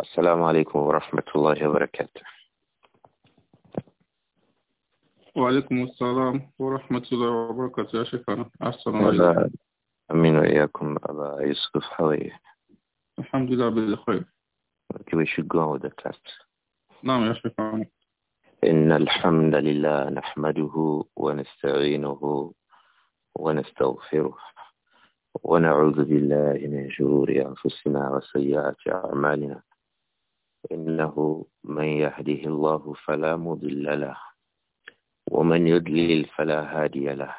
السلام عليكم ورحمة الله وبركاته وعليكم السلام ورحمة الله وبركاته يا شيخنا أحسن عليكم أمين وإياكم أبا يوسف حوي الحمد لله بالخير كيف يشقون should نعم يا شيخنا إن الحمد لله نحمده ونستعينه ونستغفره ونعوذ بالله من شرور أنفسنا وسيئات أعمالنا إنه من يهده الله فلا مضل له ومن يضلل فلا هادي له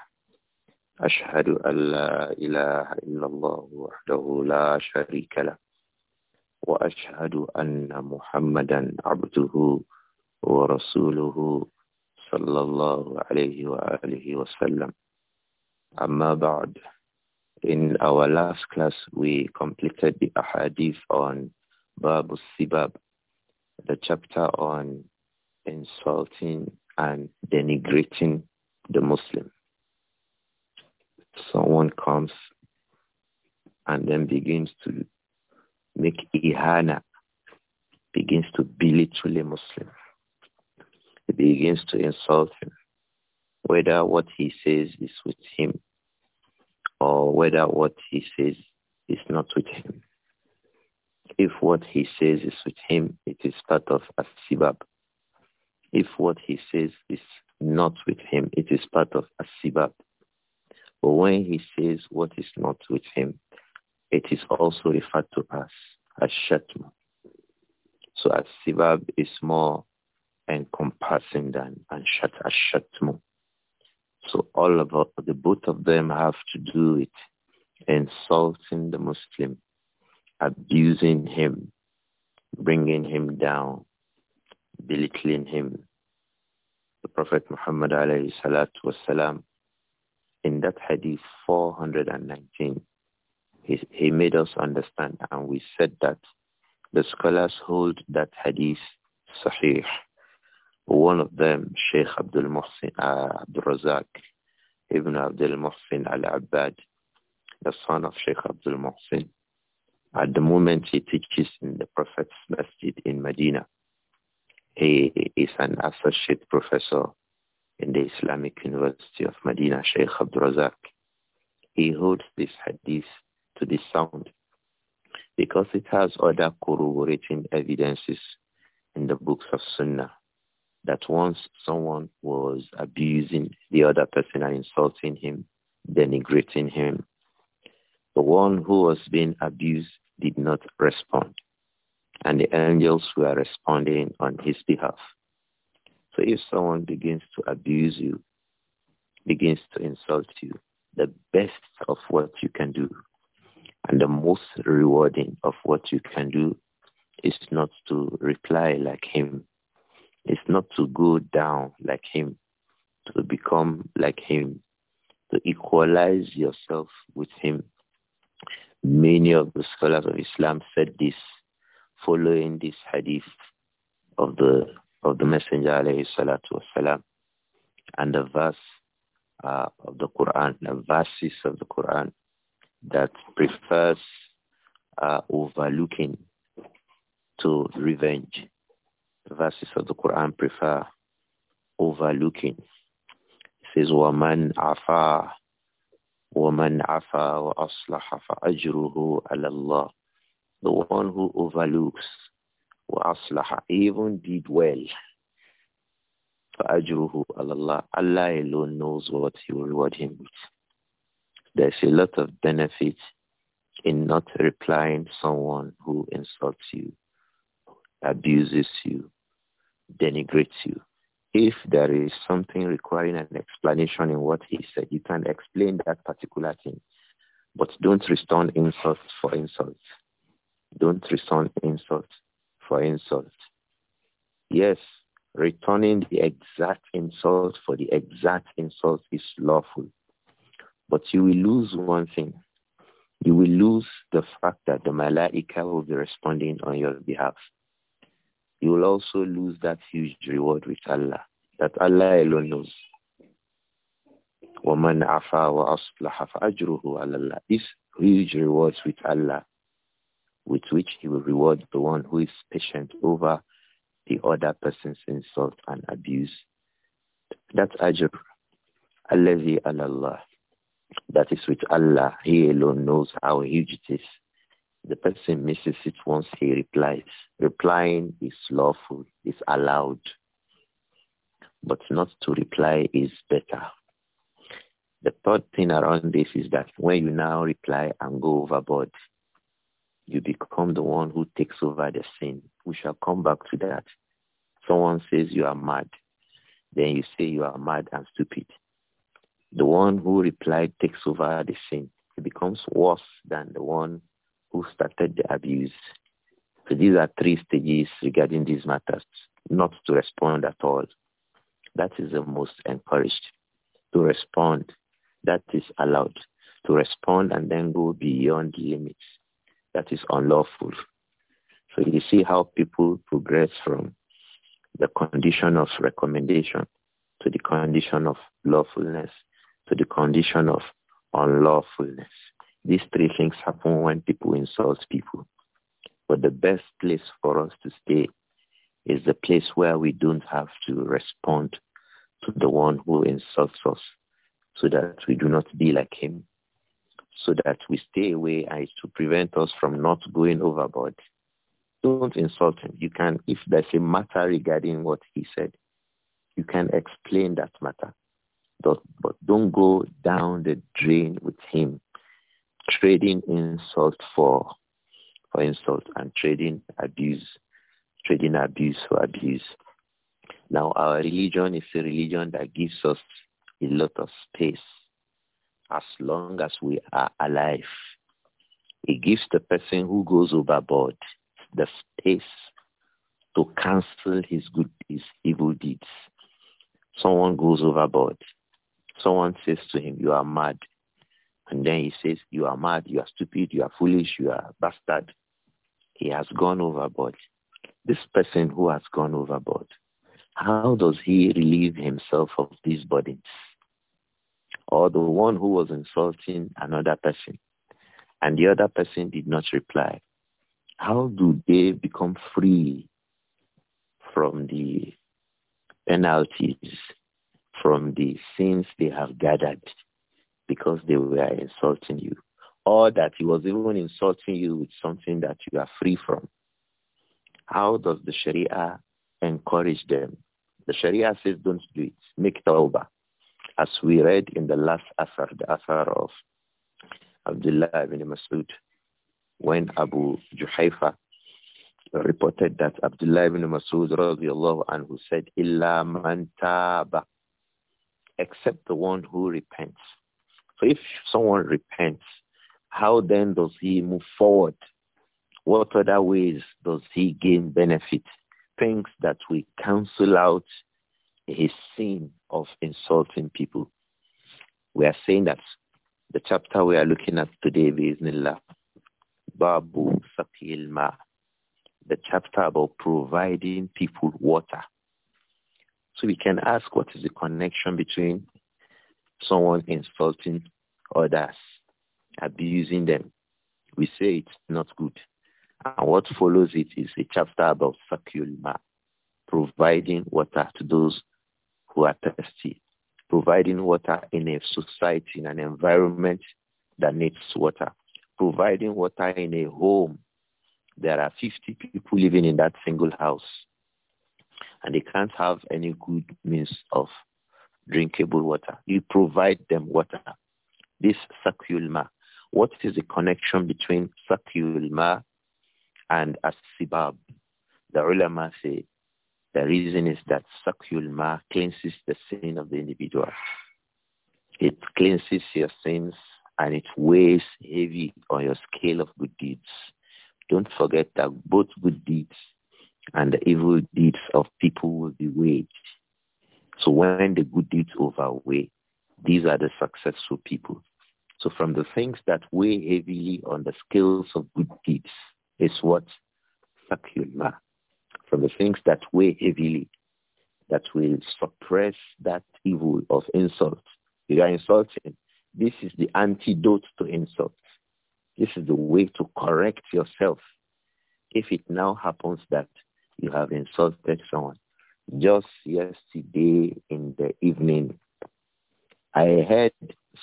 أشهد أن لا إله إلا الله وحده لا شريك له وأشهد أن محمدا عبده ورسوله صلى الله عليه وآله وسلم أما بعد In our last class, we completed the ahadith on Babu Sibab, the chapter on insulting and denigrating the Muslim. Someone comes and then begins to make ihana, begins to belittle a Muslim. He begins to insult him, whether what he says is with him or whether what he says is not with him. If what he says is with him, it is part of asibab. If what he says is not with him, it is part of asibab. But when he says what is not with him, it is also referred to as ashatm. So asibab is more encompassing than anshat ashatm. So all of the both of them have to do with insulting the Muslim abusing him, bringing him down, belittling him. The Prophet Muhammad alayhi salatu wasalam, in that hadith 419, he, he made us understand and we said that the scholars hold that hadith sahih. One of them, Sheikh Abdul Muhsin, uh, Abdul Razak, Ibn Abdul Muhsin Al-Abbad, the son of Sheikh Abdul Muhsin, at the moment he teaches in the Prophet's Masjid in Medina. He is an associate professor in the Islamic University of Medina, Sheikh Abdul Razak. He holds this hadith to this sound because it has other corroborating evidences in the books of Sunnah that once someone was abusing the other person and insulting him, denigrating him, the one who was being abused did not respond. And the angels were responding on his behalf. So if someone begins to abuse you, begins to insult you, the best of what you can do and the most rewarding of what you can do is not to reply like him. It's not to go down like him, to become like him, to equalize yourself with him Many of the scholars of Islam said this following this hadith of the of the Messenger alayhi salatu wasalam and the verse uh, of the Quran, the verses of the Quran that prefers uh, overlooking to revenge. The verses of the Quran prefer overlooking. It says, وَمَنْ afa. وَمَنْ عفا وَأَصْلَحَ فَأَجْرُهُ عَلَى اللَّهِ The one who overlooks وَأَصْلَحَ even did well فَأَجْرُهُ عَلَى اللَّهِ Allah alone knows what he will reward him with. There's a lot of benefit in not replying someone who insults you, abuses you, denigrates you. If there is something requiring an explanation in what he said, you can explain that particular thing. But don't respond insult for insult. Don't respond insult for insult. Yes, returning the exact insult for the exact insult is lawful. But you will lose one thing. You will lose the fact that the Malaika will be responding on your behalf you will also lose that huge reward with Allah, that Allah alone knows. وَمَنْ عَفَى وَأَصْلَحَ فَأَجْرُهُ عَلَى اللَّهِ This huge rewards with Allah, with which he will reward the one who is patient over the other person's insult and abuse. That's ajr. Allazi Allah. That is with Allah. He alone knows how huge it is. The person misses it once he replies. Replying is lawful, is allowed. But not to reply is better. The third thing around this is that when you now reply and go overboard, you become the one who takes over the sin. We shall come back to that. Someone says you are mad. Then you say you are mad and stupid. The one who replied takes over the sin. It becomes worse than the one who started the abuse. So these are three stages regarding these matters. Not to respond at all. That is the most encouraged. To respond, that is allowed. To respond and then go beyond the limits, that is unlawful. So you see how people progress from the condition of recommendation to the condition of lawfulness to the condition of unlawfulness. These three things happen when people insult people. But the best place for us to stay is the place where we don't have to respond to the one who insults us so that we do not be like him, so that we stay away and to prevent us from not going overboard. Don't insult him. You can, if there's a matter regarding what he said, you can explain that matter. But, but don't go down the drain with him trading insult for for insult and trading abuse, trading abuse for abuse. Now our religion is a religion that gives us a lot of space as long as we are alive. It gives the person who goes overboard the space to cancel his good his evil deeds. Someone goes overboard. Someone says to him, You are mad. And then he says, you are mad, you are stupid, you are foolish, you are bastard. He has gone overboard. This person who has gone overboard, how does he relieve himself of these burdens? Or the one who was insulting another person and the other person did not reply, how do they become free from the penalties, from the sins they have gathered? because they were insulting you or that he was even insulting you with something that you are free from. How does the Sharia encourage them? The Sharia says don't do it. Make tawbah. As we read in the last asar, the asar of Abdullah ibn Masud, when Abu Juhayfa reported that Abdullah ibn Masud radiallahu anhu said, Illa man taba, except the one who repents. So if someone repents, how then does he move forward? What other ways does he gain benefit? Things that we cancel out his sin of insulting people. We are saying that the chapter we are looking at today, Bismillah, Babu Sakilma, the chapter about providing people water. So we can ask what is the connection between someone insulting others, abusing them. We say it's not good. And what follows it is a chapter about sakulma, providing water to those who are thirsty, providing water in a society, in an environment that needs water, providing water in a home. There are 50 people living in that single house, and they can't have any good means of drinkable water. You provide them water. This sakulma. What is the connection between sakulma and asibab? The ulama say the reason is that sakulma cleanses the sin of the individual. It cleanses your sins and it weighs heavy on your scale of good deeds. Don't forget that both good deeds and the evil deeds of people will be weighed so when the good deeds overweigh, these are the successful people. So from the things that weigh heavily on the scales of good deeds is what fakulma. From the things that weigh heavily, that will suppress that evil of insult. You are insulting. This is the antidote to insult. This is the way to correct yourself. If it now happens that you have insulted someone, just yesterday in the evening, I heard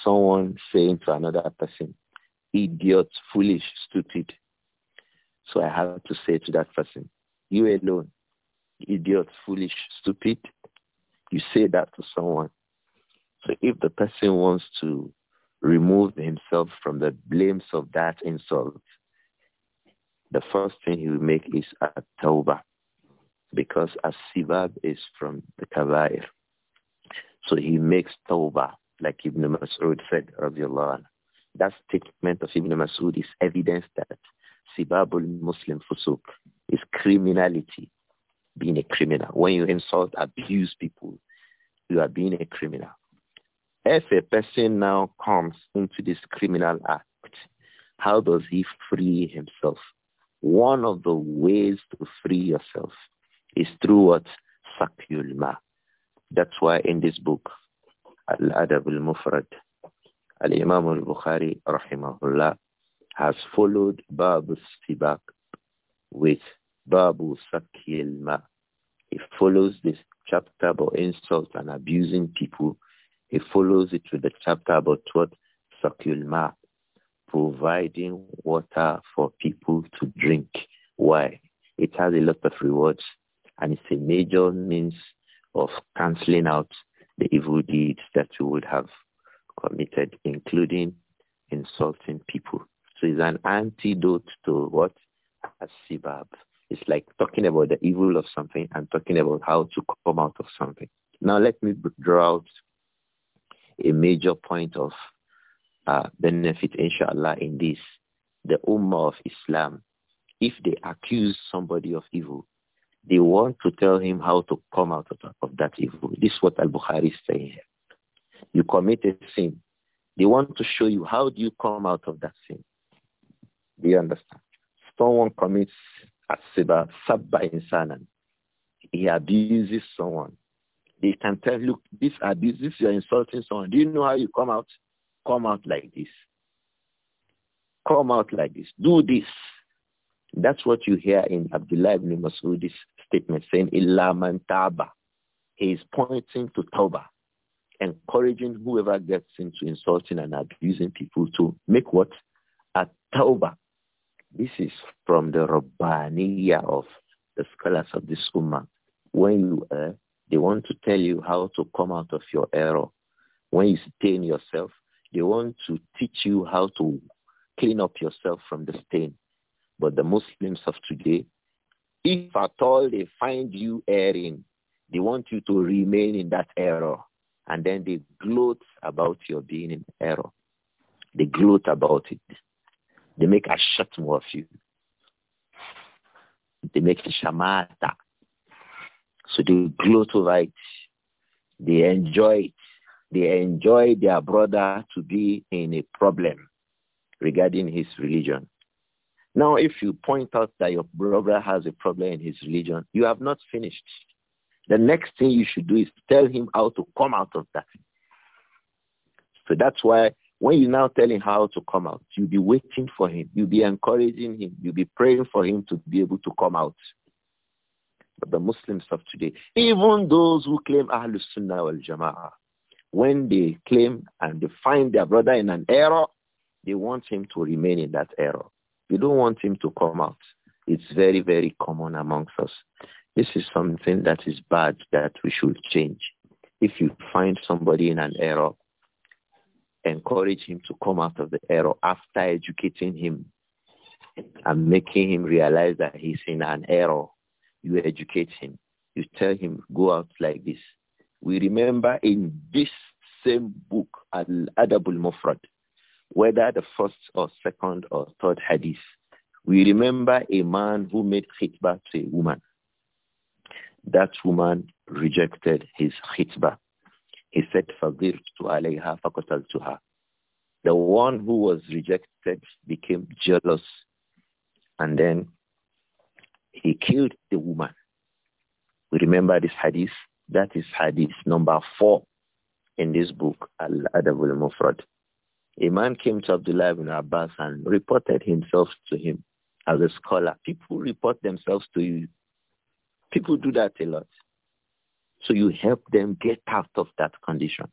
someone saying to another person, idiot, foolish, stupid. So I have to say to that person, you alone, idiot, foolish, stupid, you say that to someone. So if the person wants to remove himself from the blames of that insult, the first thing he will make is a tawbah because as-sibab is from the kabair. So he makes tawbah, like Ibn Mas'ud said, radiallahu anhu. That statement of Ibn Mas'ud is evidence that sibabul Muslim fusuk is criminality, being a criminal. When you insult, abuse people, you are being a criminal. If a person now comes into this criminal act, how does he free himself? One of the ways to free yourself is through what? Sakyul ma. That's why in this book, Al-Adab al-Mufrad, Al-Imam al-Bukhari, rahimahullah, has followed Babu Sibak with Babu Sakyil ma. He follows this chapter about insult and abusing people. He follows it with the chapter about what? Sakyul ma. Providing water for people to drink. Why? It has a lot of rewards and it's a major means of cancelling out the evil deeds that you would have committed, including insulting people. So it's an antidote to what? a Asibab. It's like talking about the evil of something and talking about how to come out of something. Now let me draw out a major point of uh, benefit, inshallah, in this. The Ummah of Islam, if they accuse somebody of evil, they want to tell him how to come out of, of that evil. This is what Al-Bukhari is saying here. You commit a sin. They want to show you how do you come out of that sin. Do you understand? Someone commits asiba, sabba insanan. He abuses someone. They can tell, look, this abuse, this you're insulting someone. Do you know how you come out? Come out like this. Come out like this. Do this. That's what you hear in Abdullah ibn Mas'ud's statement saying, "Ilā man taba. He is pointing to Tawbah, encouraging whoever gets into insulting and abusing people to make what? A Tawbah. This is from the Rabbaniya of the scholars of this Ummah. When you err, uh, they want to tell you how to come out of your error. When you stain yourself, they want to teach you how to clean up yourself from the stain. But the Muslims of today, if at all they find you erring, they want you to remain in that error. And then they gloat about your being in error. They gloat about it. They make a shatmu of you. They make a shamata. So they gloat over it. They enjoy it. They enjoy their brother to be in a problem regarding his religion. Now, if you point out that your brother has a problem in his religion, you have not finished. The next thing you should do is tell him how to come out of that. So that's why when you now tell him how to come out, you'll be waiting for him. You'll be encouraging him. You'll be praying for him to be able to come out. But the Muslims of today, even those who claim Ahlul Sunnah wal Jama'ah, when they claim and they find their brother in an error, they want him to remain in that error. You don't want him to come out. It's very, very common amongst us. This is something that is bad that we should change. If you find somebody in an error, encourage him to come out of the error after educating him and making him realize that he's in an error. You educate him. You tell him, go out like this. We remember in this same book, Al-Adab al-Mufrad, whether the first or second or third hadith, we remember a man who made khitbah to a woman. That woman rejected his khitbah. He said, فَضِرْتُ عَلَيْهَا فَقَتَلْتُهَا The one who was rejected became jealous and then he killed the woman. We remember this hadith. That is hadith number four in this book, Al-Adab al-Mufrad. A man came to Abdullah ibn Abbas and reported himself to him as a scholar. People report themselves to you. People do that a lot. So you help them get out of that condition.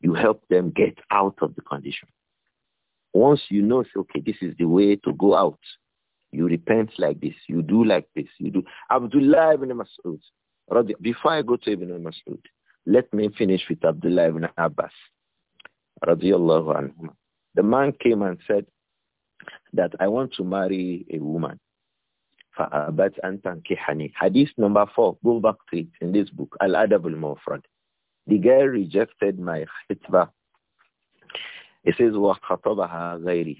You help them get out of the condition. Once you know, okay, this is the way to go out. You repent like this. You do like this. You do. Abdullah ibn Mas'ud. Before I go to Ibn Mas'ud, let me finish with Abdullah ibn Abbas radiallahu anhu. The man came and said that I want to marry a woman. فأبت أن تنكحني. Hadith number four. Go back to it in this book. Al-Adab mufrad The girl rejected my khitbah. It says, وَخَطَبَهَا غَيْرِي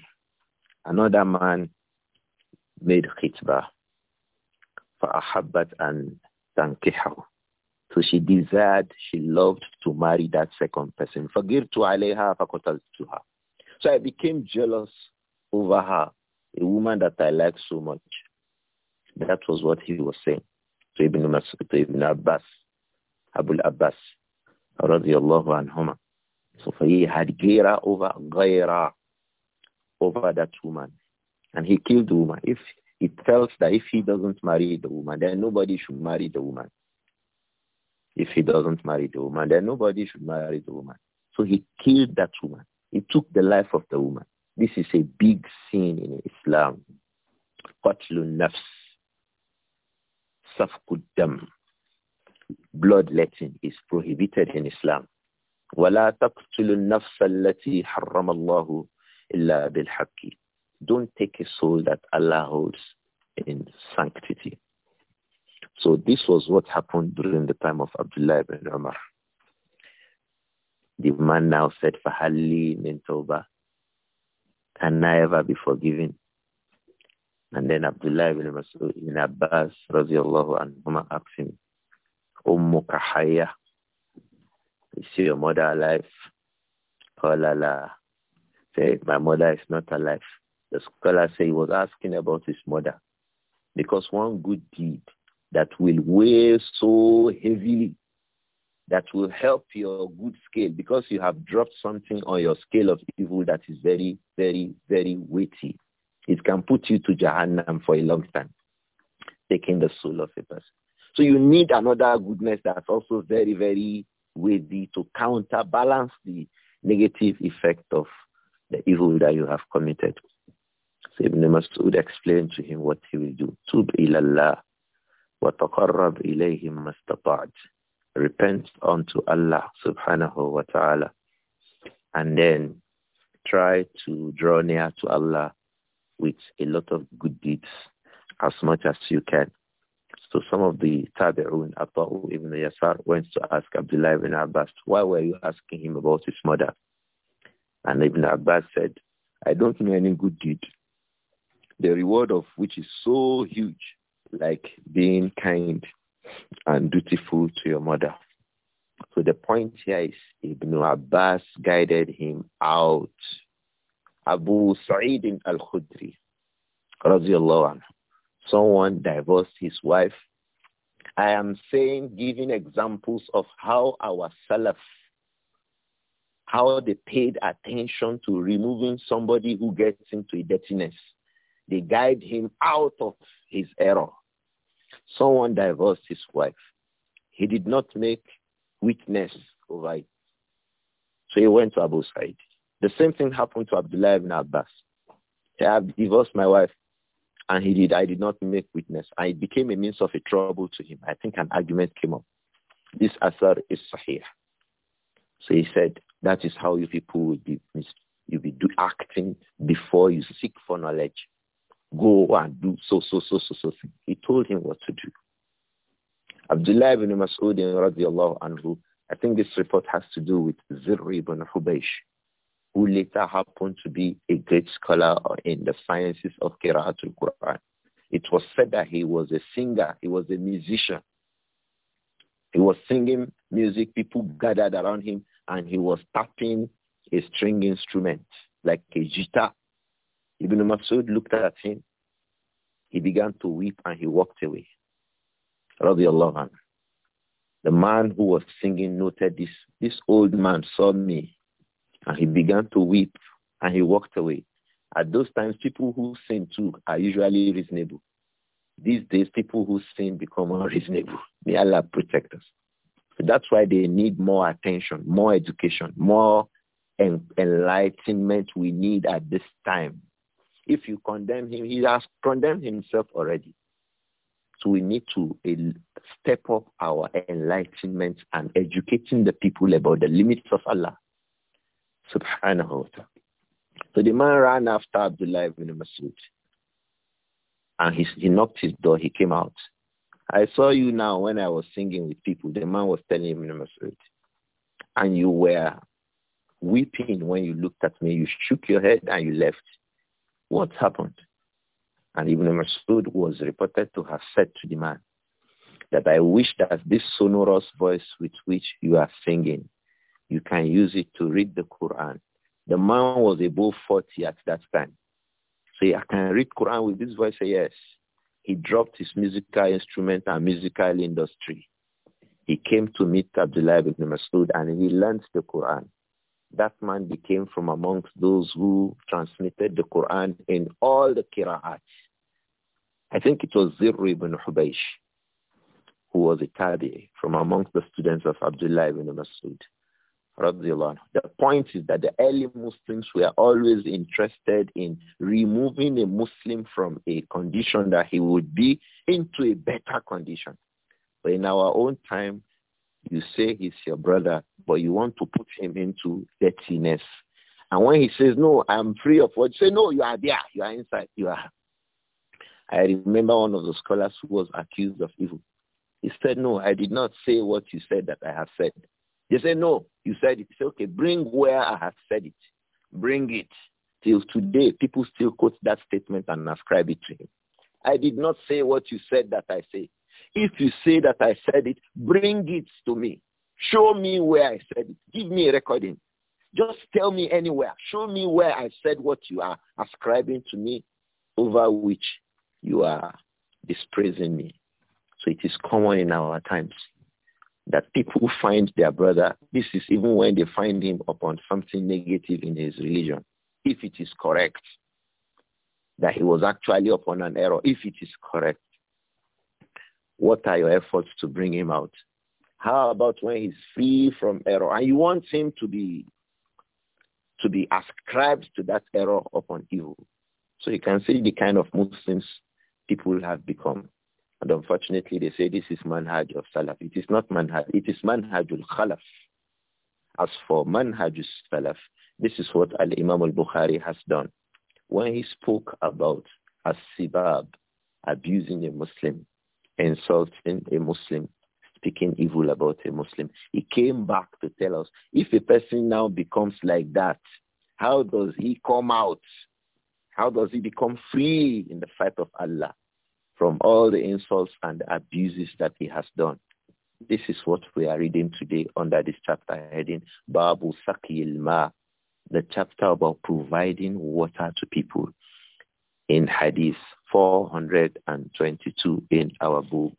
Another man made khitbah. فَأَحَبَّتْ أَن تَنْكِحَهُ so she desired, she loved to marry that second person. Forgive to Aleha to her. So I became jealous over her, a woman that I liked so much. That was what he was saying to Ibn, Masud, to Ibn Abbas, Abul Abbas, radiallahu anhuma. So he had gira over gaira, over that woman. And he killed the woman. If it tells that if he doesn't marry the woman, then nobody should marry the woman if he doesn't marry the woman, then nobody should marry the woman. So he killed that woman. He took the life of the woman. This is a big sin in Islam. Qatlu nafs. Safkud dam. Bloodletting is prohibited in Islam. وَلَا تَقْتُلُ النَّفْسَ الَّتِي حَرَّمَ اللَّهُ إِلَّا بِالْحَقِّ Don't take a soul that Allah holds in sanctity. So this was what happened during the time of Abdullah ibn Umar. The man now said, Fahalli min tawbah. Can I ever be forgiven? And then Abdullah ibn Mas'ud ibn Abbas radiallahu anhuma asked him, Ummuka hayya. Is your mother alive? "Oh la. Say, my mother is not alive. The scholar said he was asking about his mother. Because one good deed that will weigh so heavily that will help your good scale because you have dropped something on your scale of evil that is very, very, very weighty. It can put you to Jahannam for a long time, taking the soul of a person. So you need another goodness that's also very, very weighty to counterbalance the negative effect of the evil that you have committed. So Ibn Masud explained to him what he will do. Tub ilallah وَتَقَرَّبْ مَا اسْتَطَعْتَ Repent unto Allah subhanahu wa ta'ala and then try to draw near to Allah with a lot of good deeds as much as you can. So some of the Tabi'un, Ata'u ibn Yasar, went to ask Abdullah ibn Abbas, why were you asking him about his mother? And Ibn Abbas said, I don't know any good deed, the reward of which is so huge like being kind and dutiful to your mother. So the point here is Ibn Abbas guided him out. Abu Sa'id al-Khudri, radiallahu anhu, someone divorced his wife. I am saying, giving examples of how our Salaf, how they paid attention to removing somebody who gets into dirtiness. They guide him out of his error. Someone divorced his wife. He did not make witness over it. So he went to Abu Sa'id. The same thing happened to Abdullah ibn Abbas. I have divorced my wife and he did. I did not make witness. I it became a means of a trouble to him. I think an argument came up. This asar is sahih. So he said, that is how you people will be, you will be acting before you seek for knowledge. Go and do so, so, so, so, so. He told him what to do. Abdullah ibn Mas'ud radiallahu anhu, I think this report has to do with Zirri ibn Hubaysh, who later happened to be a great scholar in the sciences of Qira'atul Quran. It was said that he was a singer, he was a musician. He was singing music, people gathered around him, and he was tapping a string instrument like a guitar. Ibn Masud looked at him. He began to weep and he walked away. Radiallahu anhu. The man who was singing noted this. This old man saw me and he began to weep and he walked away. At those times, people who sin too are usually reasonable. These days, people who sin become unreasonable. May Allah protect us. that's why they need more attention, more education, more en enlightenment we need at this time if you condemn him, he has condemned himself already. So we need to eh, step up our enlightenment and educating the people about the limits of Allah. Subhanahu wa ta'ala. So the man ran after Abdullah ibn Masud. And he, he knocked his door. He came out. I saw you now when I was singing with people. The man was telling Ibn Masud. And you were weeping when you looked at me. You shook your head and you left. What happened? And Ibn Masud was reported to have said to the man that I wish that this sonorous voice with which you are singing, you can use it to read the Quran. The man was above 40 at that time. So I can read Quran with this voice. Yes. He dropped his musical instrument and musical industry. He came to meet Abdullah ibn Masud and he learned the Quran that man became from amongst those who transmitted the Quran in all the Qira'at. I think it was Zirr ibn Hubaysh, who was a tabi from amongst the students of Abdullah ibn Masud. The point is that the early Muslims were always interested in removing a Muslim from a condition that he would be into a better condition. But in our own time, you say he's your brother, but you want to put him into dirtiness. And when he says, no, I'm free of what, you say, no, you are there. You are inside. You are. I remember one of the scholars who was accused of evil. He said, no, I did not say what you said that I have said. They said, no, you said it. He said, okay, bring where I have said it. Bring it. Till today, people still quote that statement and ascribe it to him. I did not say what you said that I say. If you say that I said it, bring it to me. Show me where I said it. Give me a recording. Just tell me anywhere. Show me where I said what you are ascribing to me over which you are dispraising me. So it is common in our times that people find their brother. This is even when they find him upon something negative in his religion, if it is correct that he was actually upon an error, if it is correct. What are your efforts to bring him out? How about when he's free from error? And you want him to be to be ascribed to that error upon evil. So you can see the kind of Muslims people have become. And unfortunately, they say this is manhaj of salaf. It is not manhaj. It is manhajul khalaf. As for manhajul salaf, this is what Al-Imam al-Bukhari has done. When he spoke about a sibab abusing a Muslim, insulting a Muslim, speaking evil about a Muslim. He came back to tell us, if a person now becomes like that, how does he come out? How does he become free in the fight of Allah from all the insults and abuses that he has done? This is what we are reading today under this chapter heading Babu Saki Ma, the chapter about providing water to people in Hadith 422 in our book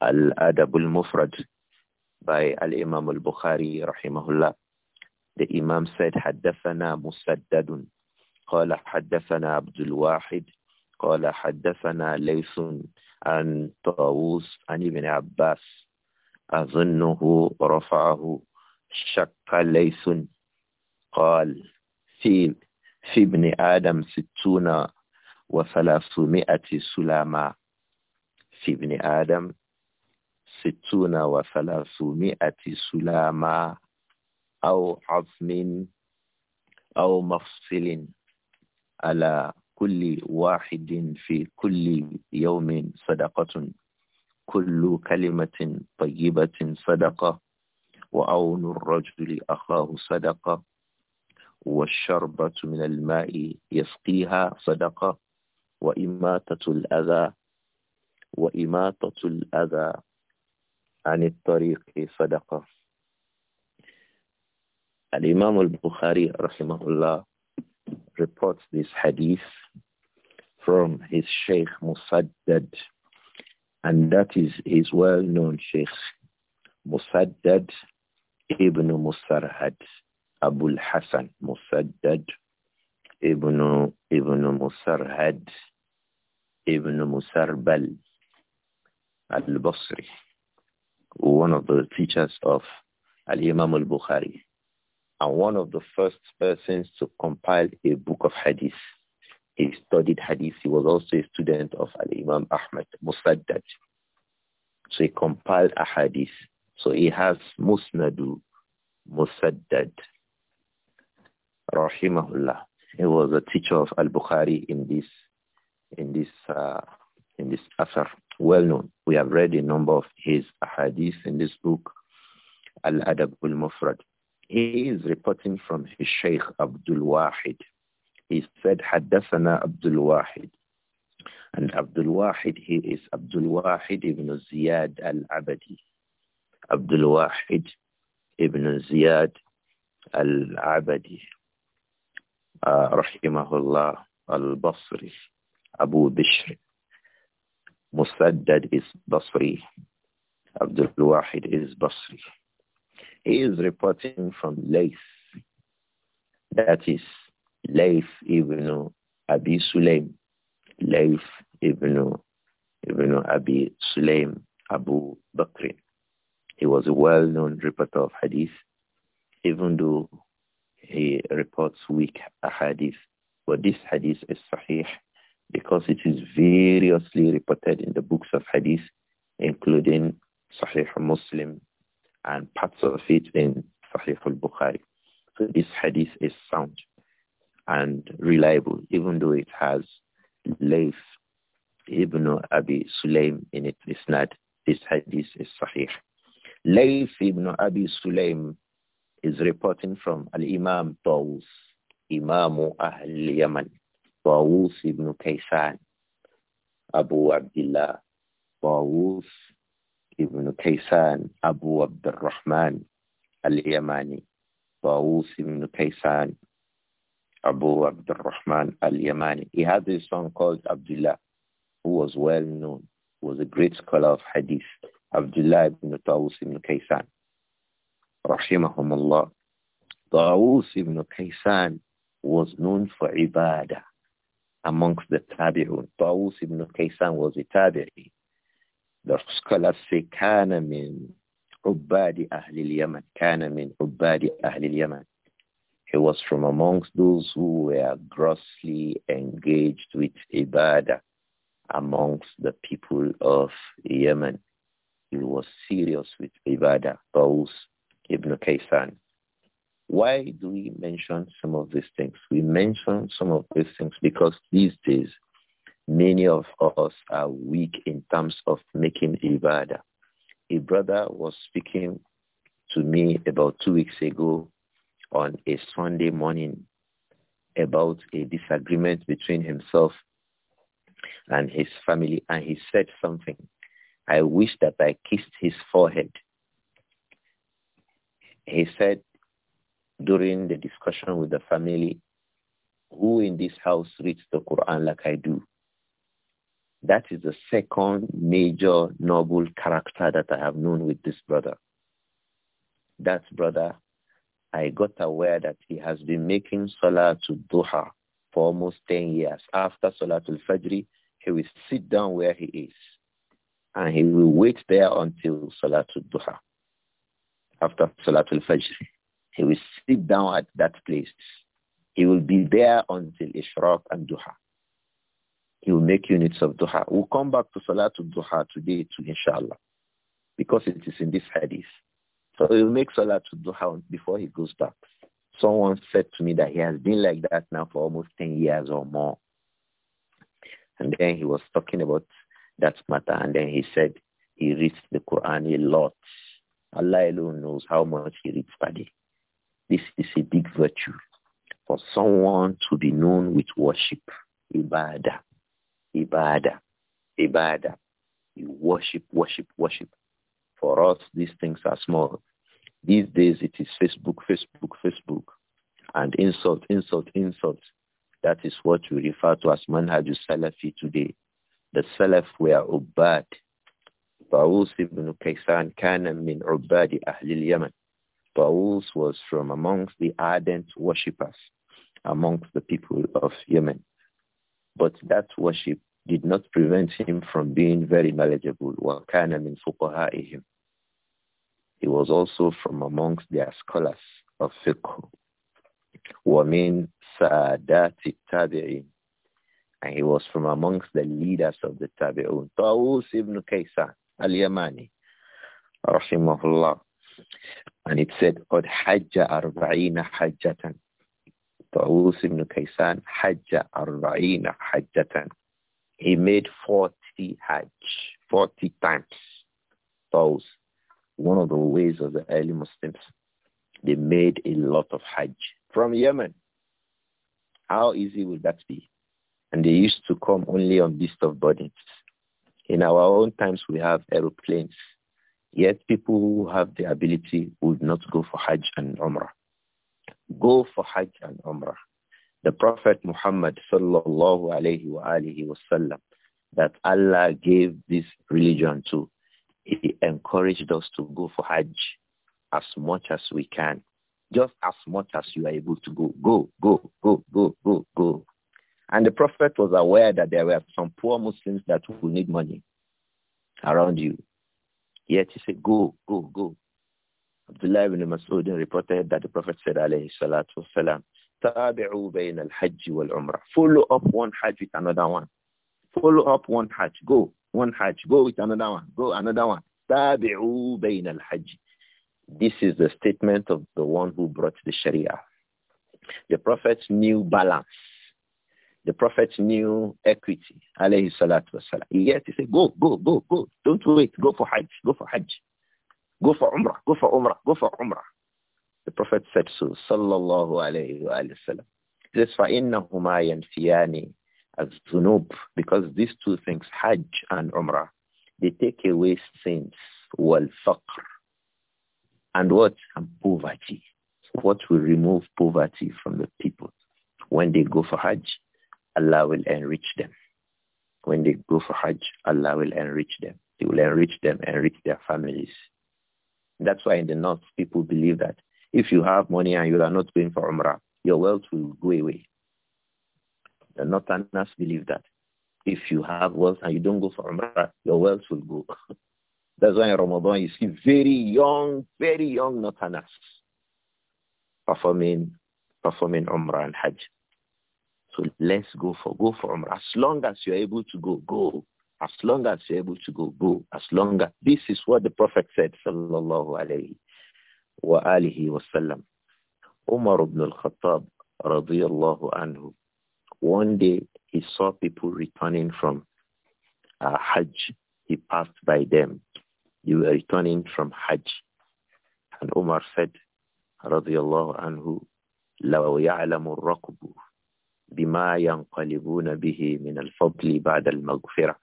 Al-Adab al-Mufrad by Al-Imam al-Bukhari rahimahullah. The Imam said, حدثنا مسدد قال حدثنا عبد الواحد قال حدثنا ليث عن طاووس عن ابن عباس أظنه رفعه شق ليث قال في في ابن آدم ستون وثلاثمائة سلامة في ابن آدم ستون وثلاثمائة سلامة أو عظم أو مفصل على كل واحد في كل يوم صدقة كل كلمة طيبة صدقة وأون الرجل أخاه صدقة والشربة من الماء يسقيها صدقة وإماتة الأذى وإماتة الأذى عن الطريق صدقة الإمام البخاري رحمه الله reports this hadith from his Sheikh Musaddad and that is his well-known Sheikh Musaddad ibn Musarhad Abu hasan Musaddad, Ibn, Ibn Musarhad, Ibn Musarbal al-Basri, one of the teachers of al-Imam al-Bukhari, and one of the first persons to compile a book of hadith. He studied hadith. He was also a student of al-Imam Ahmad Musaddad. So he compiled a hadith. So he has Musnadu Musaddad rahimahullah. He was a teacher of Al-Bukhari in this, in this, uh, in this asar, well known. We have read a number of his hadiths in this book, Al-Adab al-Mufrad. He is reporting from his Sheikh Abdul Wahid. He said, Haddathana Abdul Wahid. And Abdul Wahid, he is Abdul Wahid ibn Ziyad al-Abadi. Abdul Wahid ibn Ziyad al-Abadi rahimahullah al-Basri, Abu Bishr. Musaddad is Basri. Abdul Wahid is Basri. He is reporting from Layth. That is Layth ibn Abi Sulaim. Layth ibn, ibn Abi Sulaim Abu Bakr. He was a well-known reporter of hadith, even though he reports weak hadith. But this hadith is sahih because it is variously reported in the books of hadith, including Sahih Muslim and parts of it in Sahih al-Bukhari. So this hadith is sound and reliable, even though it has Layth ibn Abi Sulaim in it. It's not. This hadith is sahih. Layth ibn Abi Sulaim is reporting from Al-Imam Tawus, Imamu Ahl-Yaman, Tawus ibn Kaysan, Abu Abdullah, Tawus ibn Kaysan, Abu Abdurrahman Al-Yamani, Tawus ibn Kaysan, Abu Abdurrahman Al-Yamani. He had this son called Abdullah, who was well known, was a great scholar of hadith, Abdullah ibn Tawus ibn Kaysan rahimahumullah. Dawus ibn Qaysan was known for ibadah amongst the tabi'un. Dawus ibn Qaysan was a tabi'i. The scholars say, kana min ubadi ahli al-Yaman. Kana min ubadi ahli al-Yaman. He was from amongst those who were grossly engaged with ibadah amongst the people of Yemen. He was serious with ibadah. Dawus Ibn Kaysan. Why do we mention some of these things? We mention some of these things because these days many of us are weak in terms of making ibadah. A brother was speaking to me about two weeks ago on a Sunday morning about a disagreement between himself and his family and he said something. I wish that I kissed his forehead. He said during the discussion with the family, who in this house reads the Quran like I do? That is the second major noble character that I have known with this brother. That brother, I got aware that he has been making Salah to Duha for almost 10 years. After salah to Fajr, he will sit down where he is and he will wait there until salah to Duha after Salatul Fajr. He will sit down at that place. He will be there until Ishraq and Duha. He will make units of Duha. We'll come back to Salatul Duha today to inshallah, because it is in this hadith. So he will make Salatul Duha before he goes back. Someone said to me that he has been like that now for almost 10 years or more. And then he was talking about that matter. And then he said he reads the Quran a lot. Allah alone knows how much he reads per day. This is a big virtue for someone to be known with worship. Ibadah. Ibadah. Ibadah. You worship, worship, worship. For us, these things are small. These days it is Facebook, Facebook, Facebook, and insult, insult, insult. That is what we refer to as Manhajus Salafi today. The Salaf were obeyed Taus ibn Kaysan kana min ubadi ahli al-Yaman. Taus was from amongst the ardent worshippers amongst the people of Yemen. But that worship did not prevent him from being very knowledgeable. وَكَانَ مِنْ فُقَهَائِهِمْ He was also from amongst their scholars of fiqh. وَمِنْ سَادَاتِ Tabi'in, And he was from amongst the leaders of the Tabi'un. Ta'us ibn Kaysan al-Yamani, rahimahullah. And it said, قَدْ حَجَّ أَرْبَعِينَ حَجَّةً طاووس ibn Kaysan حَجَّ أَرْبَعِينَ حَجَّةً He made 40 hajj, 40 times. Taus, one of the ways of the early Muslims, they made a lot of hajj from Yemen. How easy would that be? And they used to come only on beast of burdens. In our own times, we have aeroplanes. Yet people who have the ability would not go for Hajj and Umrah. Go for Hajj and Umrah. The Prophet Muhammad sallallahu alayhi wa alihi wasallam that Allah gave this religion to, he encouraged us to go for Hajj as much as we can. Just as much as you are able to go. Go, go, go, go, go, go. And the Prophet was aware that there were some poor Muslims that will need money around you. Yet he said, go, go, go. Abdullah ibn Mas'ud reported that the Prophet said, alayhi salatu wasalam, tabi'u bayn al-hajj wal-umrah. Follow up one hajj with another one. Follow up one hajj. Go, one hajj. Go with another one. Go another one. Tabi'u bayn al-hajj. This is the statement of the one who brought the Sharia. The Prophet knew balance the Prophet knew equity, alayhi salatu wasalam. Yet he said, go, go, go, go. Don't wait. Go for Hajj. Go for Hajj. Go for Umrah. Go for Umrah. Go for Umrah. The Prophet said so, sallallahu alayhi wa sallam. He says, فَإِنَّهُمَا يَنْفِيَانِ الذُّنُوبِ Because these two things, Hajj and Umrah, they take away sins, wal and what? And poverty. What will remove poverty from the people? When they go for Hajj, Allah will enrich them. When they go for Hajj, Allah will enrich them. He will enrich them, enrich their families. That's why in the north, people believe that if you have money and you are not going for Umrah, your wealth will go away. The northerners believe that if you have wealth and you don't go for Umrah, your wealth will go. That's why in Ramadan you see very young, very young northerners performing performing Umrah and Hajj. So let's go for go for Umrah. As long as you're able to go, go. As long as you're able to go, go. As long as this is what the Prophet said, sallallahu alayhi wa alihi wasallam. Umar ibn al-Khattab radiyallahu anhu. One day he saw people returning from uh, Hajj. He passed by them. They were returning from Hajj. And Umar said, radiyallahu anhu, لو يعلم الركب بما ينقلبون به من الفضل بعد المغفرة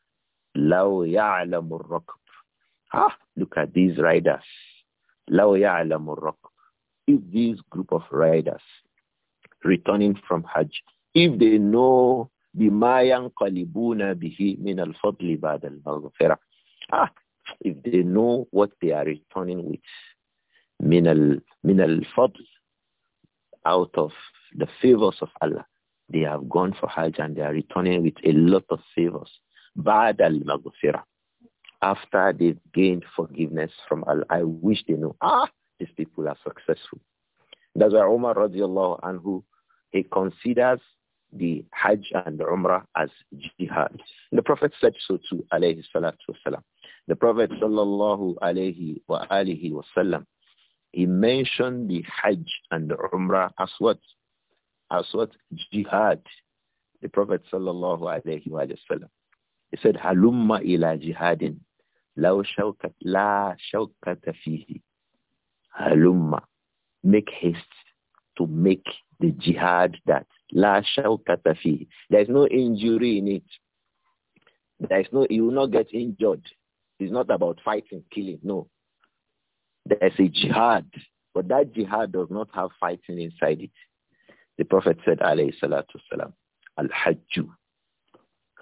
لو يعلم الركب Ah, look at these riders. لو يعلم الركب If group of riders returning from Hajj, if they know بما ينقلبون به من الفضل بعد المغفرة Ah, if they know what they are returning with من, ال, من الفضل out of the favors of Allah they have gone for Hajj and they are returning with a lot of favors. Ba'ad al After they've gained forgiveness from Allah, I wish they know, ah, these people are successful. That's why Umar radiallahu anhu, he considers the Hajj and the Umrah as jihad. The Prophet said so too, alayhi salatu wasalam. The Prophet sallallahu alayhi wa alihi wasallam, he mentioned the Hajj and the Umrah as what? as what? Jihad. The Prophet sallallahu alayhi wa sallam. He said, Halumma ila jihadin. la shawkat, la shawkata fihi. Halumma. Make haste to make the jihad that la shawkata fihi. There is no injury in it. There is no, you will not get injured. It's not about fighting, killing. No. There is a jihad, but that jihad does not have fighting inside it. The Prophet said, alayhi salatu salam. al-hajju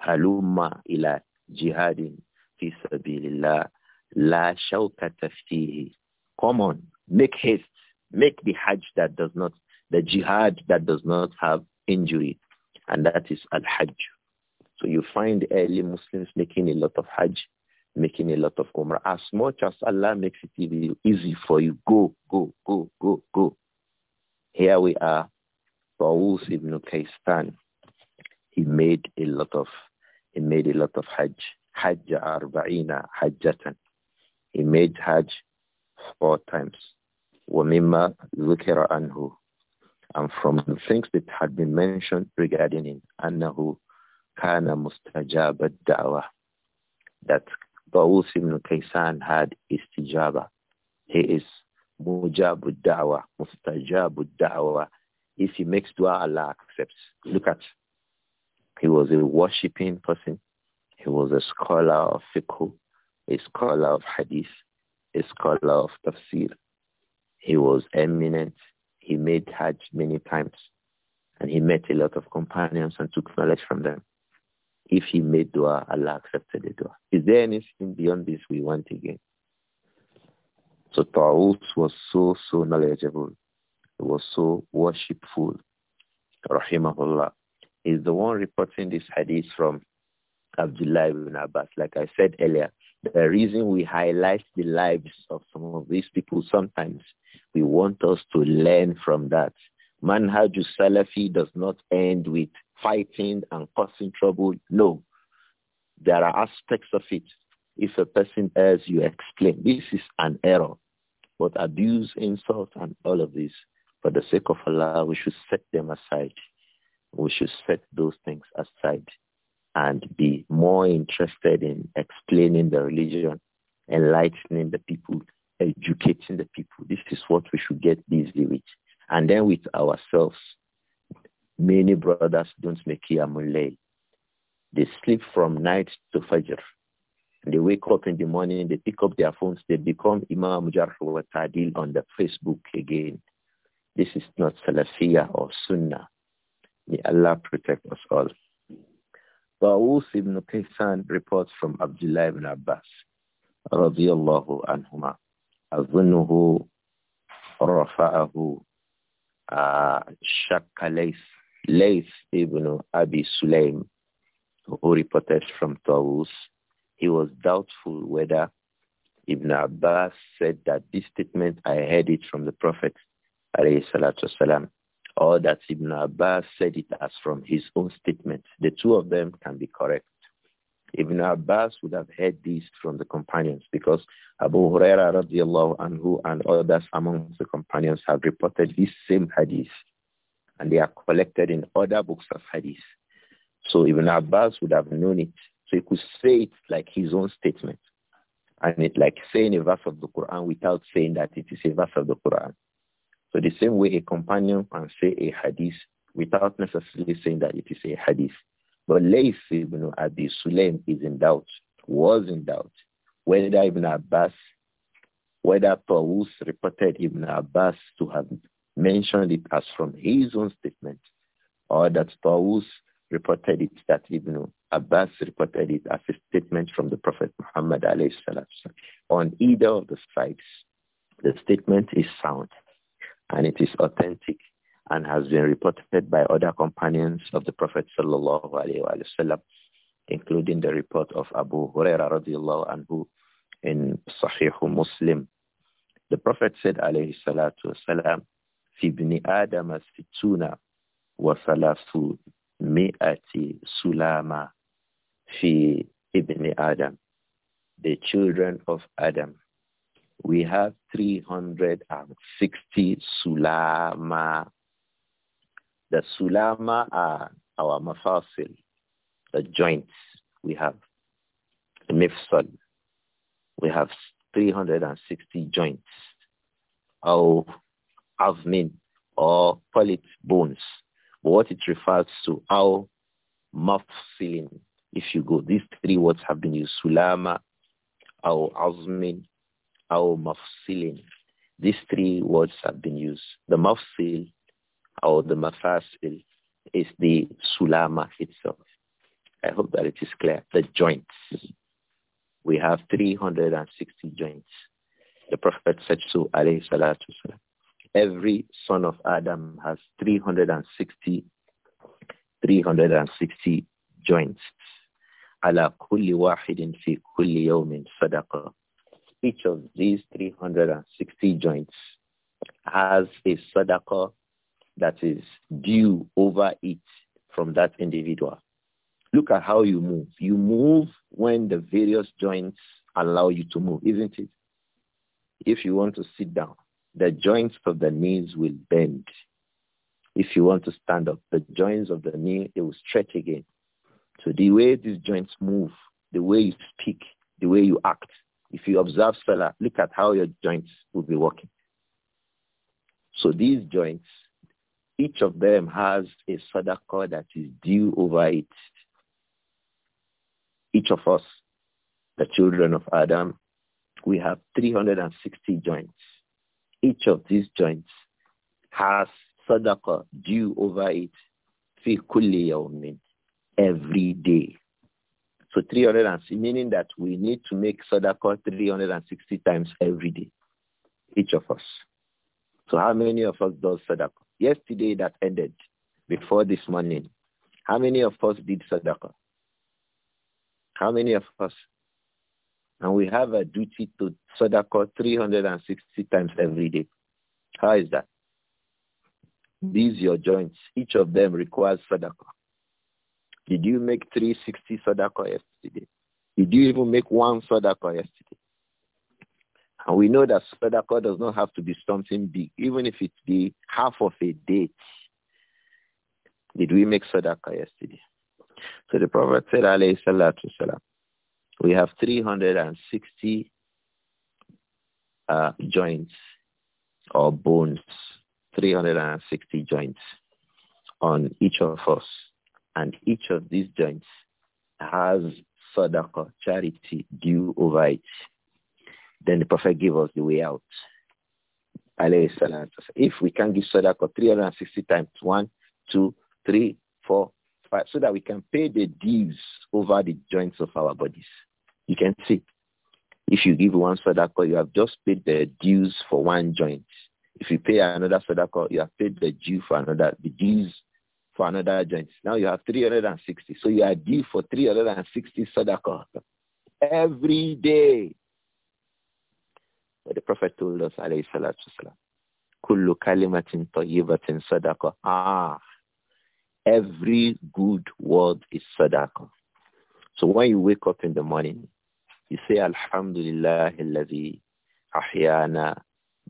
halumma ila jihadin fi sabilillah la shawkata fihi. Come on, make haste, make the hajj that does not, the jihad that does not have injury, and that is al-hajj. So you find early Muslims making a lot of hajj, making a lot of umrah. As much as Allah makes it easy for you, go, go, go, go, go. Here we are Taus ibn Kaystan, he made a lot of he made a lot of Hajj. Hajj arba'ina hajjatan. He made Hajj four times. وَمِمَّا ذُكِرَ أَنْهُ And from the things that had been mentioned regarding him, أَنَّهُ كَانَ مُسْتَجَابَ الدَّعْوَةِ That Taus ibn Kaysan had istijaba. He is mujabud da'wah, mustajabud da'wah. If he makes dua, Allah accepts. Look at, he was a worshipping person. He was a scholar of fiqh, a scholar of hadith, a scholar of tafsir. He was eminent. He made hajj many times. And he met a lot of companions and took knowledge from them. If he made dua, Allah accepted the dua. Is there anything beyond this we want again? So Ta'us was so, so knowledgeable was so worshipful, rahimahullah, is the one reporting this hadith from Abdullah ibn Abbas. Like I said earlier, the reason we highlight the lives of some of these people sometimes, we want us to learn from that. Manhaj Salafi does not end with fighting and causing trouble. No. There are aspects of it. If a person as you explain, this is an error. But abuse, insult, and all of this, for the sake of Allah, we should set them aside. We should set those things aside and be more interested in explaining the religion, enlightening the people, educating the people. This is what we should get busy with. And then with ourselves, many brothers don't make Yamulay. They sleep from night to Fajr. They wake up in the morning, they pick up their phones, they become Imam Jarh Tadil on the Facebook again. This is not Salafia or Sunnah. May Allah protect us all. Tawus ibn Kaysan reports from Abdullah ibn Abbas, الله عنهما, أظنه رفعه شك لئس ليث ibn Abi Sulaim, who reported from Tawus, he was doubtful whether Ibn Abbas said that this statement, I heard it from the Prophet alayhi salatu wasalam, or that Ibn Abbas said it as from his own statement. The two of them can be correct. Ibn Abbas would have heard this from the companions because Abu Huraira radiallahu anhu and others among the companions have reported this same hadith and they are collected in other books of hadith. So Ibn Abbas would have known it. So he could say it like his own statement. And it like saying a verse of the Quran without saying that it is a verse of the Quran. So the same way a companion can say a hadith without necessarily saying that it is a hadith. But Layth ibn Abi Sulaim is in doubt, was in doubt, whether Ibn Abbas, whether Tawus reported Ibn Abbas to have mentioned it as from his own statement, or that Tawus reported it, that Ibn Abbas reported it as a statement from the Prophet Muhammad On either of the sides, the statement is sound and it is authentic and has been reported by other companions of the Prophet sallallahu alaihi wasallam, including the report of Abu Huraira radiallahu anhu in Sahih Muslim. The Prophet said alayhi salatu wasalam, في ابن آدم ستون وثلاثون miati sulama fi ابن Adam. The children of Adam we have 360 sulama. The sulama are our mafasil, the joints we have. Mifsal, we have 360 joints. Our avmin, or call it bones. what it refers to, our mafsilin, if you go, these three words have been used, sulama, our azmin, أو مفصل These three words have been used. The mafsil or the mafasil is the sulama itself. I hope that it is clear. The joints. We have 360 joints. The Prophet said so, alayhi salatu salam. Every son of Adam has 360, 360 joints. على كل واحد في كل يوم صدقه each of these 360 joints has a sadaqah that is due over it from that individual. Look at how you move. You move when the various joints allow you to move, isn't it? If you want to sit down, the joints of the knees will bend. If you want to stand up, the joints of the knee, it will stretch again. So the way these joints move, the way you speak, the way you act, if you observe Salah, look at how your joints will be working. So these joints, each of them has a sadaqah that is due over it. Each of us, the children of Adam, we have 360 joints. Each of these joints has sadaqah due over it fi kulli every day. So 360, meaning that we need to make Sadaqah 360 times every day, each of us. So how many of us does Sadaqah? Yesterday that ended, before this morning, how many of us did Sadaqah? How many of us? And we have a duty to Sadaqah 360 times every day. How is that? These your joints, each of them requires Sadaqah. Did you make 360 sadaqah yesterday? Did you even make one sadaqah yesterday? And we know that sadaqah does not have to be something big, even if it's the half of a date. Did we make sadaqah yesterday? So the Prophet said, alayhi salatu salam, we have 360 uh, joints or bones, 360 joints on each of us. And each of these joints has sadaqah, charity due over it. Then the Prophet gave us the way out. If we can give sadaqah 360 times, one, two, three, four, five, so that we can pay the dues over the joints of our bodies. You can see, if you give one sadaqah, you have just paid the dues for one joint. If you pay another sadaqah, you have paid the due for another, the dues for another joint. Now you have 360. So you are due for 360 sadaqah every day. But the Prophet told us, alayhi salatu wasalam, kullu kalimatin tayyibatin sadaqah. Ah, every good word is sadaqah. So when you wake up in the morning, you say, alhamdulillah, alladhi ahyana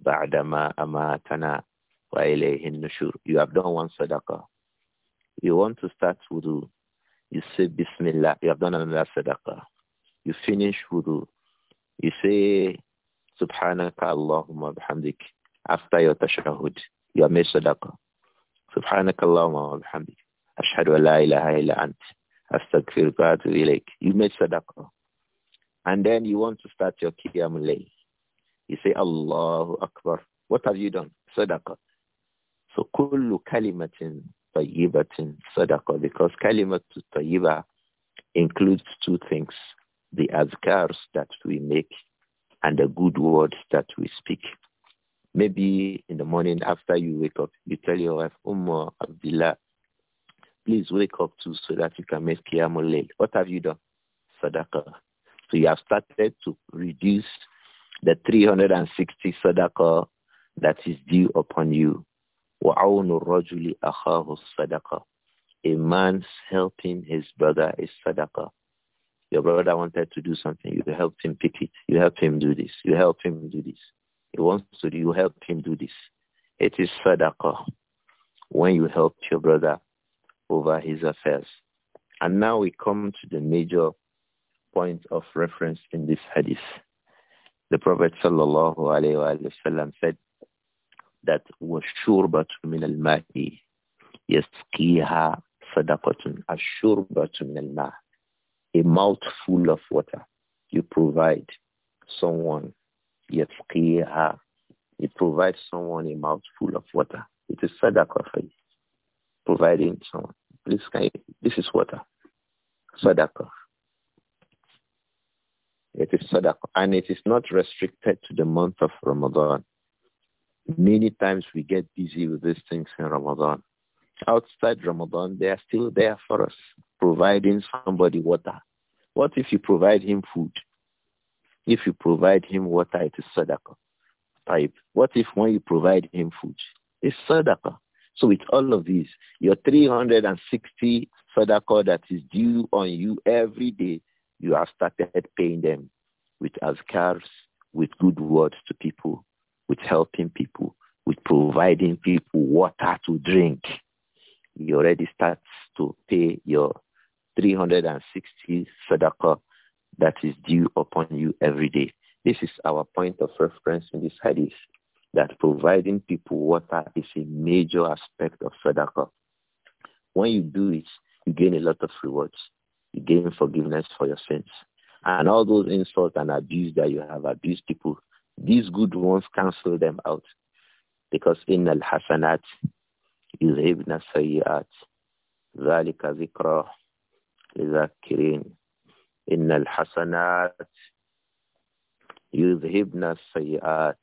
ba'dama amatana wa ilayhin nushur. You have done one sadaqah. You want to start wudu. You say Bismillah. You have done another sadaqah. You finish wudu. You say Subhanaka Allahumma bihamdik. After your tashahud, you have made sadaqah. Subhanaka Allahumma bihamdik. Ashhadu an la ilaha illa ant. Astaghfiruka wa You made sadaqah. And then you want to start your Qiyamul Layl. You say Allahu Akbar. What have you done? Sadaqah. So kullu kalimatin tayyibatin sadaqah because kalimatu tayyibah includes two things, the azkars that we make and the good words that we speak. Maybe in the morning after you wake up, you tell your wife, Umar Abdullah, please wake up too so that you can make Qiyamul Layl. What have you done? Sadaqah. So you have started to reduce the 360 sadaqah that is due upon you وَعَوْنُ الرَّجُلِ أَخَاهُ الصَّدَقَةِ A man's helping his brother is sadaqah. Your brother wanted to do something. You helped him pick it. You helped him do this. You helped him do this. He wants to do, you help him do this. It is sadaqah when you help your brother over his affairs. And now we come to the major point of reference in this hadith. The Prophet sallallahu alayhi wa said, that was مِنَ الْمَاءِ يَسْقِيهَا صَدَقَةٌ الشُّرْبَةُ مِنَ الْمَاءِ A mouthful of water you provide someone يَسْقِيهَا You provide someone a mouthful of water. It is sadaqah for Providing someone. This, this is water. Sadaqah. It is sadaqah. And it is not restricted to the month of Ramadan. Many times we get busy with these things in Ramadan. Outside Ramadan, they are still there for us, providing somebody water. What if you provide him food? If you provide him water, it is sadaqah. Type. What if when you provide him food? It's sadaqah. So with all of these, your 360 sadaqah that is due on you every day, you have started paying them with azkars, with good words to people, with helping people, with providing people water to drink. You already start to pay your 360 sadaqah that is due upon you every day. This is our point of reference in this hadith, that providing people water is a major aspect of sadaqah. When you do it, you gain a lot of rewards. You gain forgiveness for your sins. And all those insults and abuse that you have abused people, these good ones cancel them out because in al-hasanat yuzhibna sayyat ذلك ذكرى لذاكرين إن الحسنات يذهبن السيئات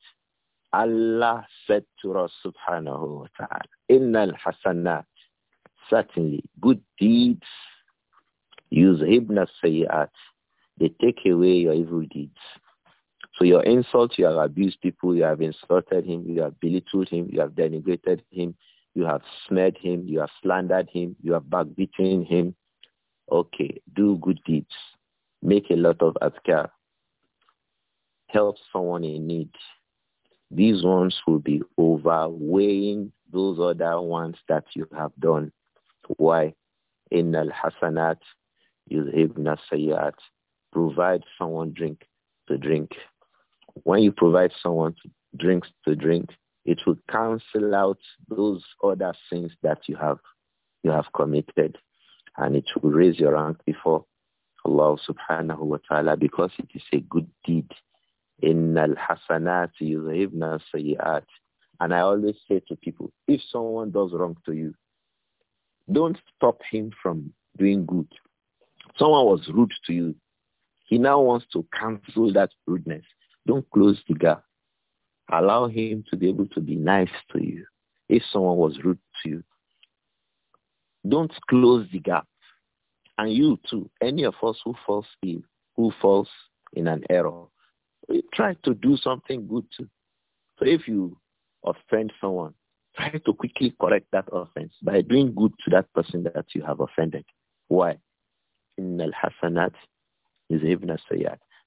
Allah said to us subhanahu wa ta'ala al hasanat certainly good deeds yuzhibna sayyat they take away your evil deeds so your insult, you have abused people, you have insulted him, you have belittled him, you have denigrated him, you have smeared him, you have slandered him, you have backbeaten him. Okay, do good deeds. Make a lot of adhkar. Help someone in need. These ones will be overweighing those other ones that you have done. Why? In al-hasanat, yuzhibna sayyat. Provide someone drink to drink. When you provide someone drinks to drink, it will cancel out those other sins that you have you have committed and it will raise your rank before Allah subhanahu wa ta'ala because it is a good deed. al hasanat yuzhibna sayyat. And I always say to people, if someone does wrong to you, don't stop him from doing good. Someone was rude to you. He now wants to cancel that rudeness. Don't close the gap. Allow him to be able to be nice to you if someone was rude to you. Don't close the gap. And you too, any of us who falls in, who falls in an error, try to do something good too. So if you offend someone, try to quickly correct that offense by doing good to that person that you have offended. Why? In al-hasanat is ibn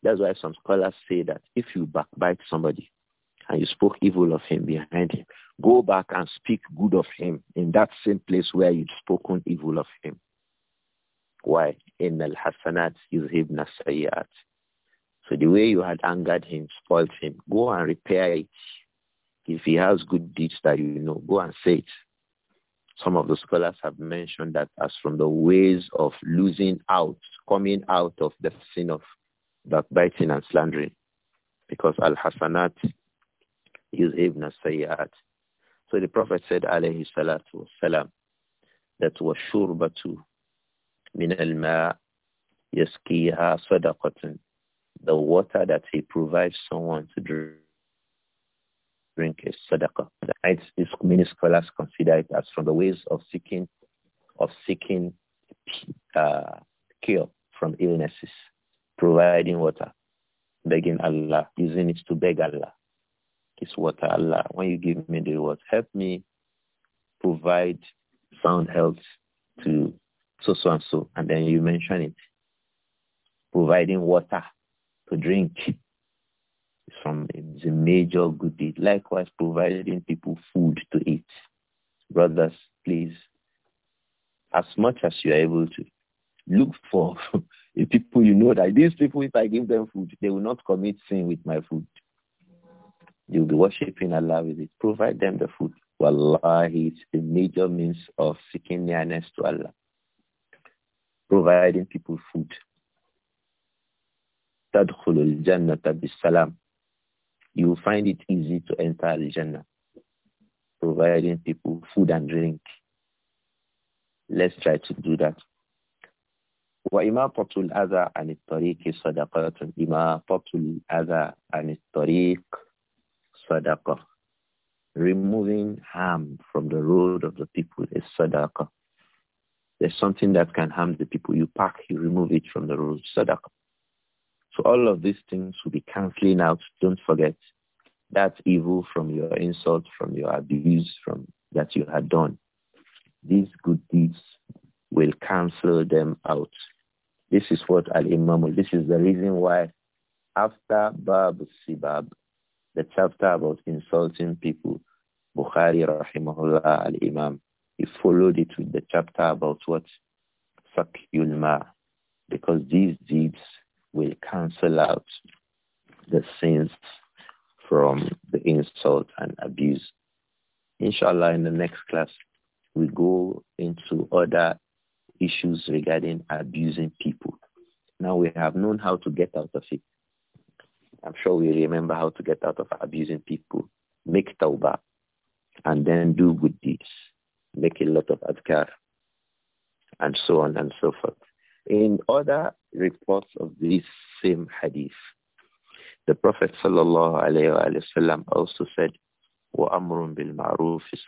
that's why some scholars say that if you backbite somebody and you spoke evil of him behind him, go back and speak good of him in that same place where you'd spoken evil of him. Why? In al-hasanat ibn sayyat. So the way you had angered him, spoiled him, go and repair it. If he has good deeds that you know, go and say it. Some of the scholars have mentioned that as from the ways of losing out, coming out of the sin of backbiting and slandering because al-hasanat is ibn al-sayyat. So the Prophet said, alayhi salatu wasalam, that was shurbatu min al-ma yaskiha sadaqatun. The water that he provides someone to drink is sadaqah. it's, many scholars consider it as from the ways of seeking of seeking uh, cure from illnesses providing water, begging Allah, using it to beg Allah. This water, Allah, when you give me the word, help me provide sound health to so so and so, and then you mention it. Providing water to drink is from is a major good deed. Likewise, providing people food to eat. Brothers, please, as much as you are able to, look for If people you know that these people, if I give them food, they will not commit sin with my food. You'll be worshipping Allah with it. Provide them the food. Wallahi, it's a major means of seeking nearness to Allah. Providing people food. تَدْخُلُ الْجَنَّةَ بِالسَّلَامِ You will find it easy to enter Al-Jannah. Providing people food and drink. Let's try to do that. وإماطة الأذى عن الطريق صدقة إماطة الأذى عن الطريق صدقة removing harm from the road of the people is sadaka. There's something that can harm the people. You pack, you remove it from the road, sadaqah. So all of these things will be cancelling out. Don't forget that evil from your insult, from your abuse, from that you had done. These good deeds will cancel them out. This is what al this is the reason why after Bab Sibab, the chapter about insulting people, Bukhari rahimahullah al-Imam, he followed it with the chapter about what? Fakulma, Ma. Because these deeds will cancel out the sins from the insult and abuse. Inshallah, in the next class, we go into other issues regarding abusing people. Now we have known how to get out of it. I'm sure we remember how to get out of abusing people. Make tawbah and then do good deeds. Make a lot of adkar and so on and so forth. In other reports of this same hadith, the Prophet sallallahu also said, "Wa also bil ma'ruf is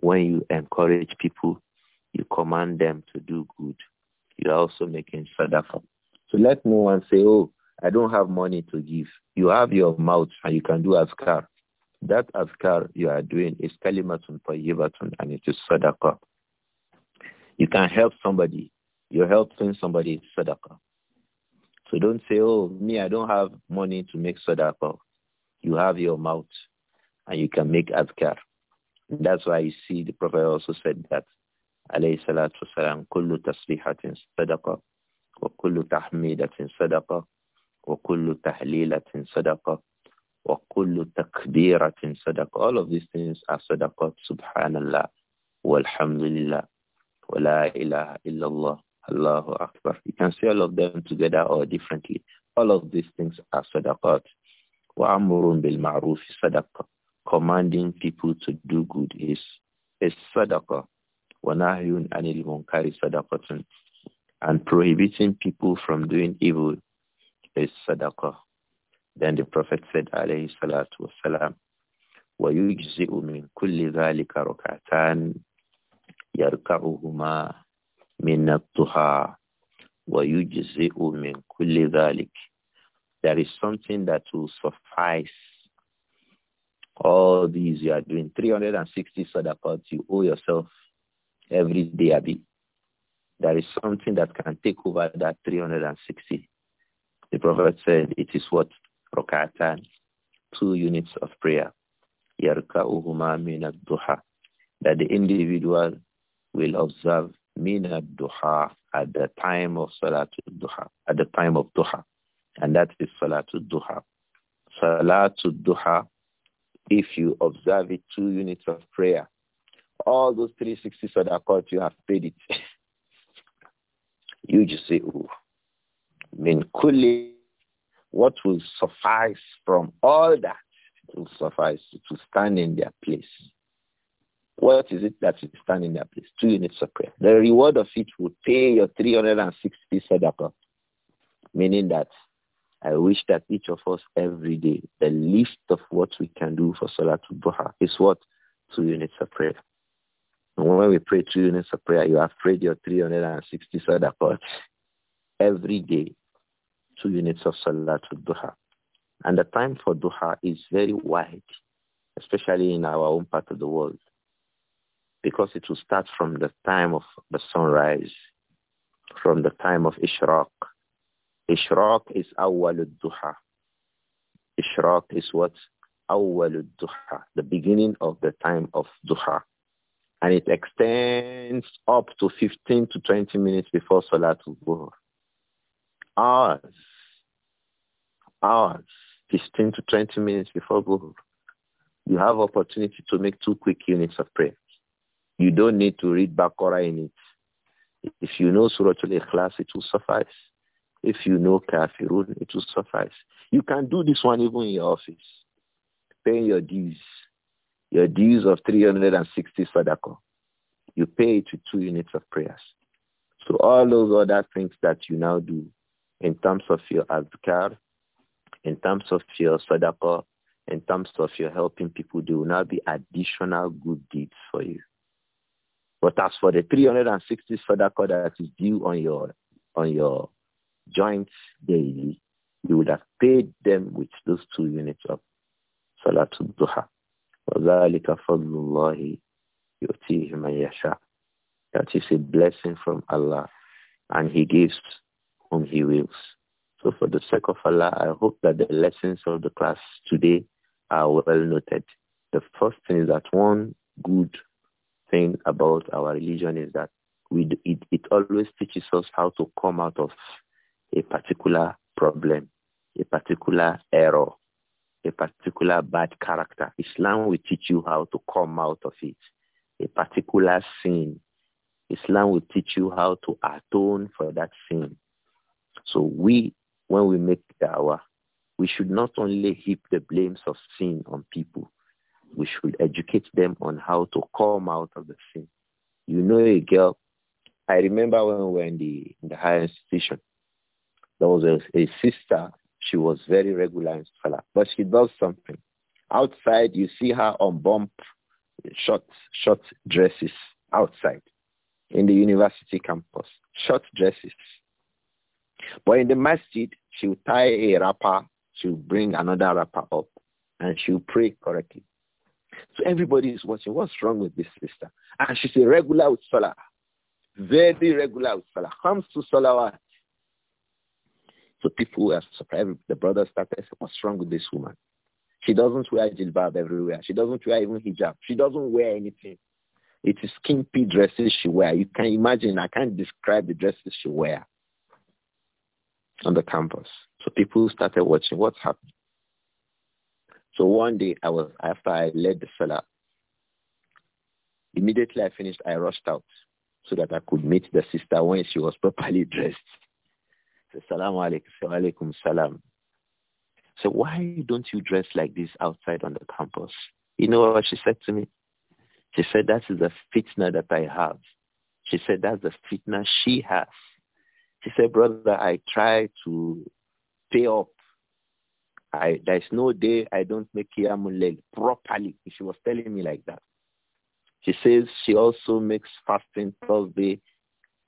When you encourage people you command them to do good. You are also making sadaqah. So let no one say, oh, I don't have money to give. You have your mouth and you can do azkar. That azkar you are doing is kalimatun tayyibatun and it is sadaqah. You can help somebody. You're helping somebody sadaqah. So don't say, oh, me, I don't have money to make sadaqah. You have your mouth and you can make azkar. That's why you see the Prophet also said that عليه الصلاة والسلام كل تصريحة صدقة وكل تحميدة صدقة وكل تحليلة صدقة وكل تكبيرة صدقة all of these things are صدقة سبحان الله والحمد لله ولا إله إلا الله الله أكبر You can see all of them together or differently. All of these things are صدقة Wa'amurun بالمعروف صدقة Commanding people to do good is, is صدقة وَنَهْيٌ عَنِ الْمُنْكَرِ صَدَقَةٌ And prohibiting people from doing evil is sadaqah. Then the Prophet said, alayhi salatu wasalam, وَيُجْزِئُ مِنْ كُلِّ ذَلِكَ رَكَعْتَانِ يَرْكَعُهُمَا مِنَ الضُّحَى وَيُجْزِئُ مِنْ كُلِّ ذَلِكَ There is something that will suffice all these you are doing. 360 sadaqat you owe yourself every day, Abi, there is something that can take over that 360. The Prophet said it is what? Rokatan, two units of prayer. Yarka'uhuma min duha That the individual will observe min duha at the time of Salatul Duha, at the time of Duha. And that is Salatul Duha. Salatul Duha, if you observe it, two units of prayer, all those 360 sadaqat, you have paid it. you just say, oh, min kuli. what will suffice from all that? It will suffice to stand in their place. What is it that will stand in their place? Two units of prayer. The reward of it will pay your 360 sadaqah, meaning that I wish that each of us every day, the least of what we can do for Salatul Duha is what? Two units of prayer when we pray two units of prayer, you have prayed your 360 sadaqat every day, two units of salah to duha. And the time for duha is very wide, especially in our own part of the world, because it will start from the time of the sunrise, from the time of ishraq. Ishraq is awwal duha. Ishraq is what? Awwal duha, the beginning of the time of duha and it extends up to 15 to 20 minutes before to go. Hours, hours, 15 to 20 minutes before go, you have opportunity to make two quick units of prayer. You don't need to read Baqarah in it. If you know Surah Al-Ikhlas, it will suffice. If you know Kafirun, it will suffice. You can do this one even in your office, paying your dues your dues of 360 sadaqah, you pay it with two units of prayers. So all those other things that you now do in terms of your adhkar, in terms of your sadaqah, in terms of your helping people, they will now be additional good deeds for you. But as for the 360 sadaqah that is due on your on your joints daily, you would have paid them with those two units of salatul duha. وَذَلِكَ فَضْلُ اللَّهِ يُؤْتِيهِ مَنْ يَشَاءُ That is a blessing from Allah and He gives whom He wills. So for the sake of Allah, I hope that the lessons of the class today are well noted. The first thing is that one good thing about our religion is that we, it, it always teaches us how to come out of a particular problem, a particular error a particular bad character. Islam will teach you how to come out of it. A particular sin. Islam will teach you how to atone for that sin. So we, when we make da'wah, we should not only heap the blames of sin on people. We should educate them on how to come out of the sin. You know a girl, I remember when we were in the, in the higher institution, there was a, a sister she was very regular in Salah. But she does something. Outside, you see her on bump, short, short dresses outside in the university campus, short dresses. But in the masjid, she'll tie a wrapper, she'll bring another wrapper up, and she'll pray correctly. So everybody is watching. What's wrong with this sister? And she's a regular with Salah. Very regular with Salah. Comes to Salah. So people were surprised. The brother started what's wrong with this woman? She doesn't wear jilbab everywhere. She doesn't wear even hijab. She doesn't wear anything. It is skimpy dresses she wear. You can imagine. I can't describe the dresses she wear on the campus. So people started watching what's happening. So one day I was after I led the fella. Immediately I finished, I rushed out so that I could meet the sister when she was properly dressed. Assalamu alaikum. alaikum salam. So why don't you dress like this outside on the campus? You know what she said to me? She said, that is the fitna that I have. She said, that's the fitna she has. She said, brother, I try to pay up. I, there's no day I don't make Qiyamul properly. She was telling me like that. She says she also makes fasting Thursday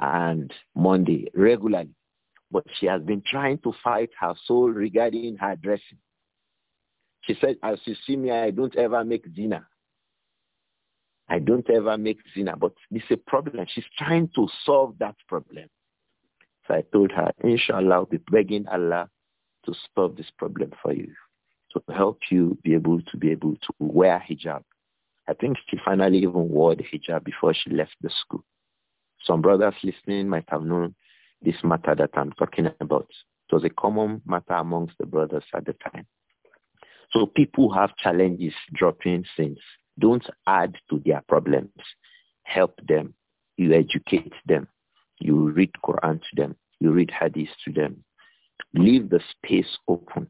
and Monday regularly. But she has been trying to fight her soul regarding her dressing. She said, as you see me, I don't ever make dinner. I don't ever make zina, but it's a problem. She's trying to solve that problem. So I told her, inshallah, I'll be begging Allah to solve this problem for you, to help you be able to be able to wear hijab. I think she finally even wore the hijab before she left the school. Some brothers listening might have known this matter that I'm talking about. It was a common matter amongst the brothers at the time. So people have challenges dropping sins. Don't add to their problems. Help them. You educate them. You read Quran to them. You read Hadith to them. Leave the space open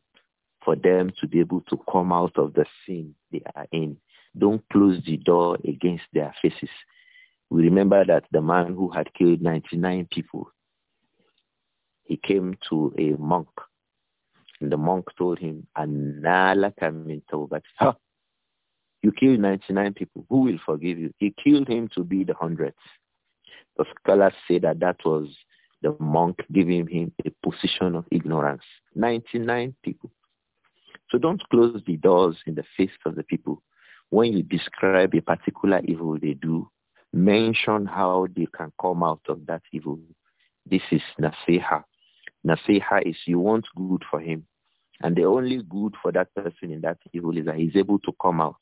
for them to be able to come out of the sin they are in. Don't close the door against their faces. We remember that the man who had killed 99 people, he came to a monk. And the monk told him, Annalaka min tawbati. You killed 99 people. Who will forgive you? He killed him to be the hundredth. The scholars say that that was the monk giving him a position of ignorance. 99 people. So don't close the doors in the face of the people. When you describe a particular evil they do, mention how they can come out of that evil. This is nasiha. Nasiha is you want good for him. And the only good for that person in that evil is that he's able to come out.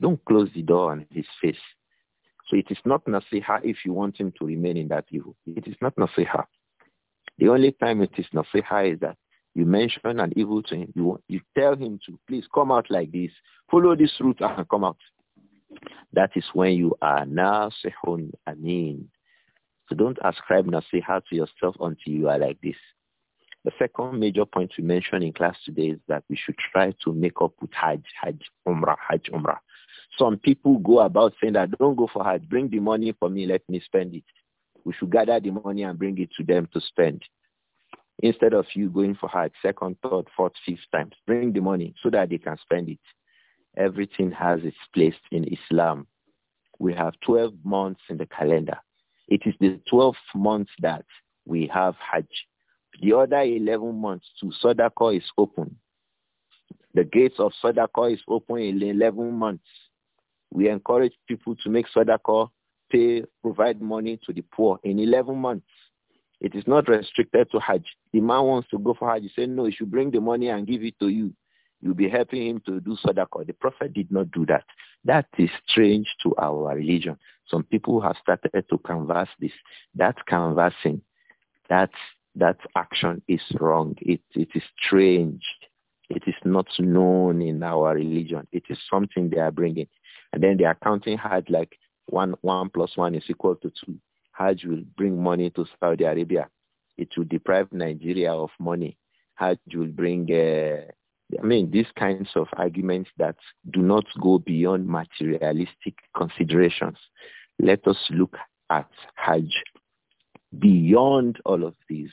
Don't close the door on his face. So it is not nasiha if you want him to remain in that evil. It is not nasiha. The only time it is nasiha is that you mention an evil to him. You, you tell him to please come out like this. Follow this route and come out. That is when you are nasihun amin. So don't ascribe nasiha to yourself until you are like this. The second major point we mentioned in class today is that we should try to make up with Hajj, Hajj, Umrah, Hajj, Umrah. Some people go about saying that don't go for Hajj, bring the money for me, let me spend it. We should gather the money and bring it to them to spend. Instead of you going for Hajj second, third, fourth, fifth times, bring the money so that they can spend it. Everything has its place in Islam. We have 12 months in the calendar. It is the 12th month that we have Hajj the other 11 months to Sadaqa is open. The gates of Sadaqa is open in 11 months. We encourage people to make Sadaqa, pay, provide money to the poor in 11 months. It is not restricted to Hajj. The man wants to go for Hajj. He say, no, he should bring the money and give it to you. You'll be helping him to do Sadaqah. The Prophet did not do that. That is strange to our religion. Some people have started to canvass this. That canvassing, that that action is wrong. It, it is strange. It is not known in our religion. It is something they are bringing. And then they are counting Hajj like one, one plus one is equal to two. Hajj will bring money to Saudi Arabia. It will deprive Nigeria of money. Hajj will bring, uh, I mean, these kinds of arguments that do not go beyond materialistic considerations. Let us look at Hajj Beyond all of these,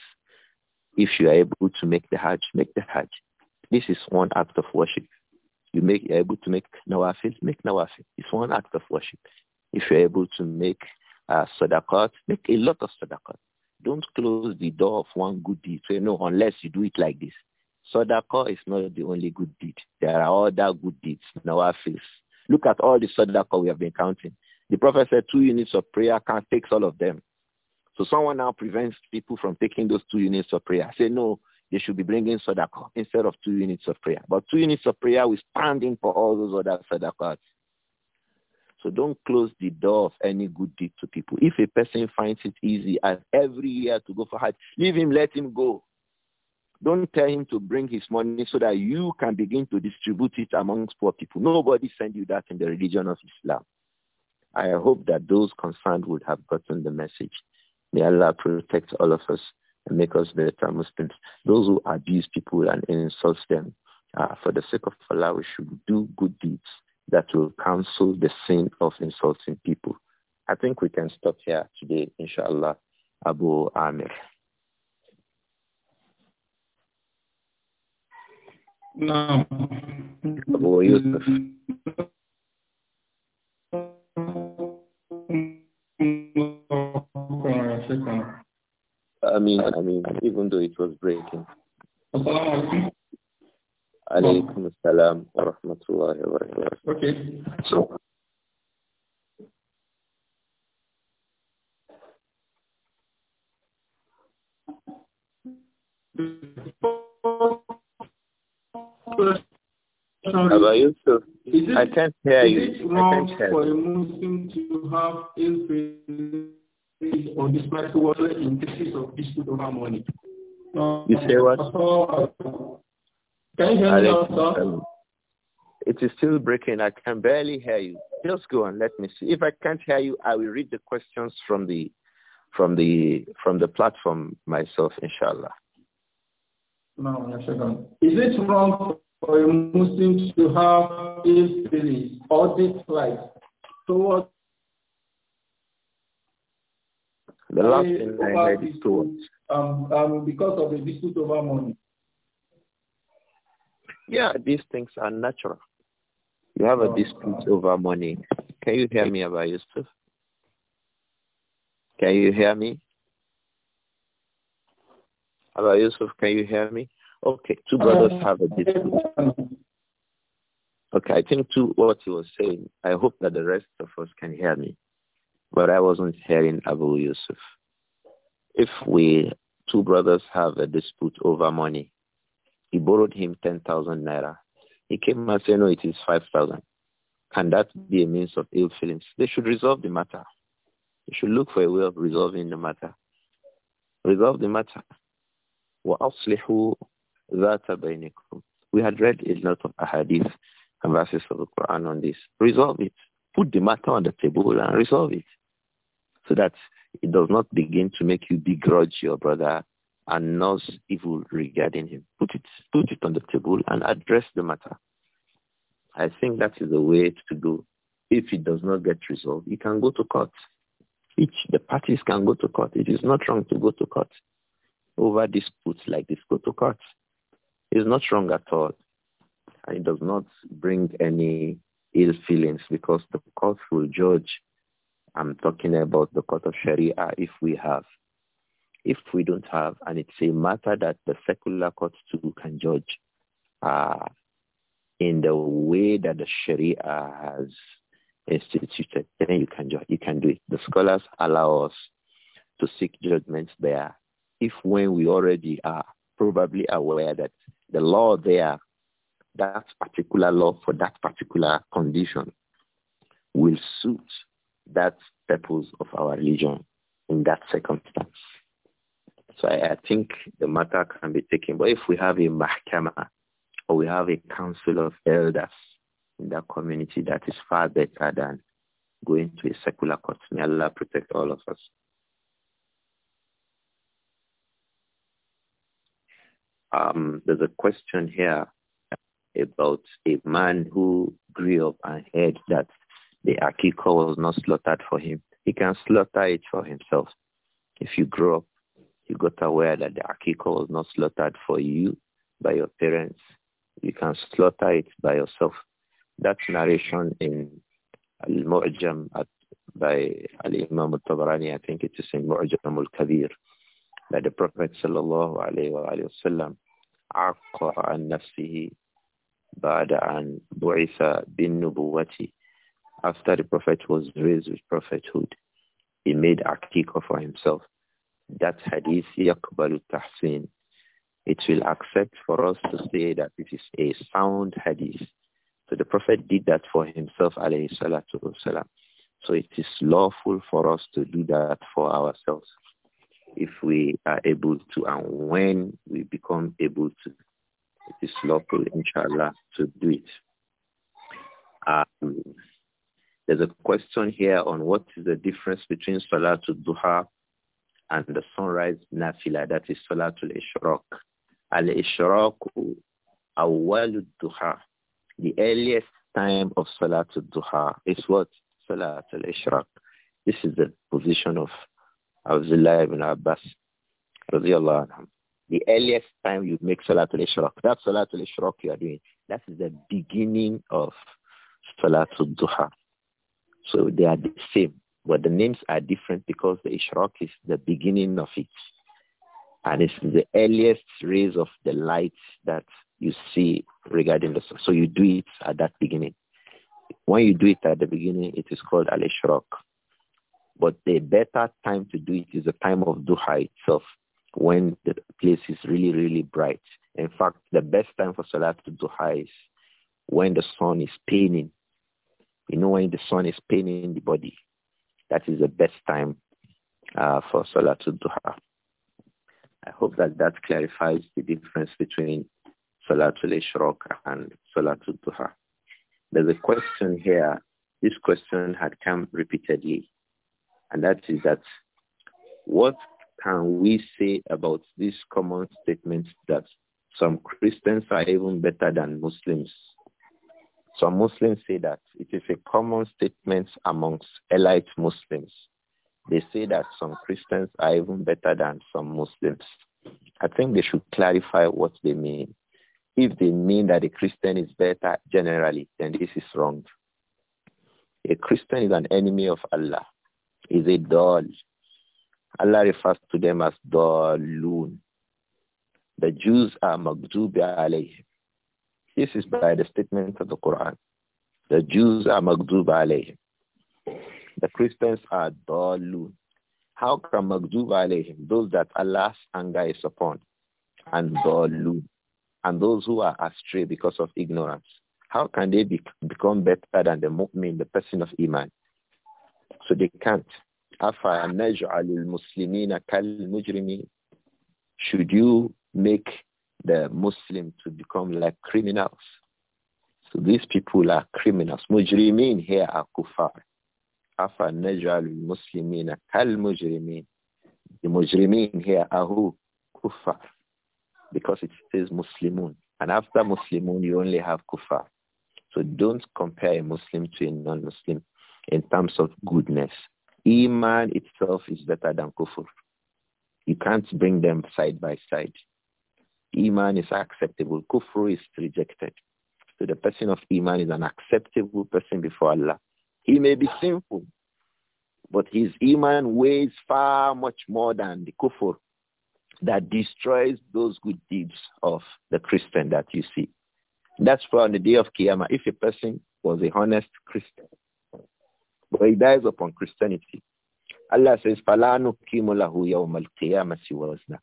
if you are able to make the Hajj, make the Hajj. This is one act of worship. You make, you're able to make nawafil, make nawafil. It's one act of worship. If you're able to make uh, sadaqat, make a lot of sadaqat. Don't close the door of one good deed. So, you know, unless you do it like this. Sadaqah is not the only good deed. There are other good deeds in our face. Look at all the sadaqah we have been counting. The Prophet said two units of prayer can't fix all of them. So someone now prevents people from taking those two units of prayer. Say, no, they should be bringing sadaqah instead of two units of prayer. But two units of prayer we stand in for all those other sadaqahs. So don't close the door of any good deed to people. If a person finds it easy and every year to go for Hajj, leave him, let him go. Don't tell him to bring his money so that you can begin to distribute it amongst poor people. Nobody send you that in the religion of Islam. I hope that those concerned would have gotten the message. May Allah protect all of us and make us better Muslims. Those who abuse people and insult them, uh, for the sake of Allah, we should do good deeds that will cancel the sin of insulting people. I think we can stop here today, inshallah. Abu Amir. No. Abu Yusuf. No. I mean, I mean, even though it was breaking. Alaykum assalam wa rahmatullahi wa barakatuh. Okay. So. I can't hear you. Is it wrong for a Muslim to have or despite what in cases of dispute over money. Um, you say uh, what? Can you hear me now, um, it is still breaking. I can barely hear you. Just go on. Let me see. If I can't hear you, I will read the questions from the from the from the platform myself, inshallah. No, second. Is it wrong for a Muslim to have ill feelings or dislike towards The last thing I heard is um, um, because of the dispute over money. Yeah, these things are natural. You have a dispute over money. Can you hear me, Abba Yusuf? Can you hear me? Abba Yusuf, can you hear me? Okay, two brothers uh, have a dispute. Okay, I think to what he was saying, I hope that the rest of us can hear me. But I wasn't hearing Abu Yusuf. If we two brothers have a dispute over money, he borrowed him 10,000 naira. He came and said, no, it is 5,000. Can that be a means of ill feelings? They should resolve the matter. They should look for a way of resolving the matter. Resolve the matter. We had read a lot of ahadith and verses of the Quran on this. Resolve it. Put the matter on the table and resolve it so that it does not begin to make you begrudge your brother and nurse evil regarding him. Put it, put it on the table and address the matter. I think that is the way to go. If it does not get resolved, you can go to court. Each the parties can go to court. It is not wrong to go to court over disputes like this. Go to court. It's not wrong at all. And it does not bring any ill feelings because the court will judge I'm talking about the court of Sharia if we have. If we don't have, and it's a matter that the secular courts too can judge uh, in the way that the Sharia has instituted, then you can You can do it. The scholars allow us to seek judgments there if when we already are probably aware that the law there, that particular law for that particular condition will suit that purpose of our religion in that circumstance. So I, I, think the matter can be taken. But if we have a mahkama or we have a council of elders in that community, that is far better than going to a secular court. May Allah protect all of us. Um, there's a question here about a man who grew up and heard that the akiko was not slaughtered for him. He can slaughter it for himself. If you grow up, you got aware that the akiko was not slaughtered for you by your parents. You can slaughter it by yourself. That narration in Al-Mu'jam by Ali imam al-Tabarani, I think it is in Mu'jam al-Kabir, that the Prophet sallallahu alayhi wa sallam عق عن نفسه بعد أن بعث بالنبوة after the Prophet was raised with prophethood, he made akikah for himself. That hadith, yaqbalu tahsin, it will accept for us to say that it is a sound hadith. So the Prophet did that for himself, alayhi salatu wasalam. So it is lawful for us to do that for ourselves if we are able to and when we become able to. It is lawful, inshallah, to do it. Um, there's a question here on what is the difference between Salatul Duha and the sunrise nafila, that is Salatul Ishraq. Al-Ishraq awwalul Duha. The earliest time of Salatul Duha is what? Salatul Ishraq. This is the position of Abdullah ibn Abbas. The earliest time you make Salatul Ishraq, that Salatul Ishraq you are doing, that is the beginning of Salatul Duha. So they are the same, but the names are different because the Ishraq is the beginning of it. And it's the earliest rays of the light that you see regarding the sun. So you do it at that beginning. When you do it at the beginning, it is called al-Ishraq. But the better time to do it is the time of Duha itself, when the place is really, really bright. In fact, the best time for Salat to Duha is when the sun is paling you know when the sun is paining the body, that is the best time uh, for Salatul Duha. I hope that that clarifies the difference between Salatul Ishraq and Salatul Duha. There's a question here. This question had come repeatedly, and that is that what can we say about this common statement that some Christians are even better than Muslims some Muslims say that it is a common statement amongst elite Muslims. They say that some Christians are even better than some Muslims. I think they should clarify what they mean. If they mean that a Christian is better generally, then this is wrong. A Christian is an enemy of Allah. Is a doll. Allah refers to them as Dalun. The Jews are Maghdubi alayhim. This is by the statement of the Quran. The Jews are magdub alayhim. The Christians are dalun. How can magdub alayhim, those that Allah's anger is upon, and dalun, and those who are astray because of ignorance, how can they be, become better than the mu'min, the person of iman? So they can't. Afa naj'alul muslimina akal mujrimin. Should you make the Muslim to become like criminals. So these people are criminals. Mujrimin here are kuffar. Afa naj'alul muslimina kal mujrimin. The mujrimin here are who? Kuffar. Because it says muslimun. And after muslimun, you only have kuffar. So don't compare a Muslim to a non-Muslim in terms of goodness. Iman itself is better than kufr. You can't bring them side by side. Iman is acceptable. Kufru is rejected. So the person of Iman is an acceptable person before Allah. He may be sinful, but his Iman weighs far much more than the kufr that destroys those good deeds of the Christian that you see. That's why on the day of Qiyamah, if a person was a honest Christian, but he dies upon Christianity, Allah says, فَلَا نُكِيمُ لَهُ يَوْمَ الْقِيَامَةِ وَزْنَةِ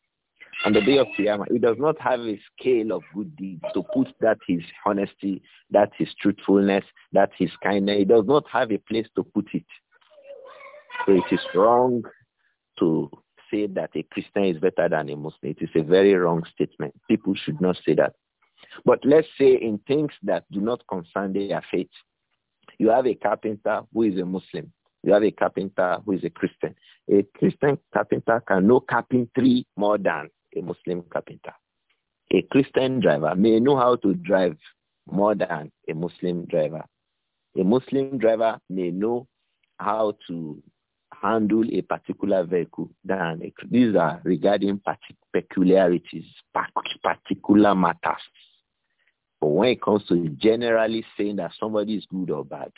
on the day of Qiyamah, he does not have a scale of good deeds to put that his honesty, that his truthfulness, that his kindness. He does not have a place to put it. So it is wrong to say that a Christian is better than a Muslim. It is a very wrong statement. People should not say that. But let's say in things that do not concern their faith, you have a carpenter who is a Muslim. You have a carpenter who is a Christian. A Christian carpenter can know carpentry more than a Muslim carpenter. A Christian driver may know how to drive more than a Muslim driver. A Muslim driver may know how to handle a particular vehicle than a, these are regarding peculiarities, particular matters. But when it comes to generally saying that somebody is good or bad,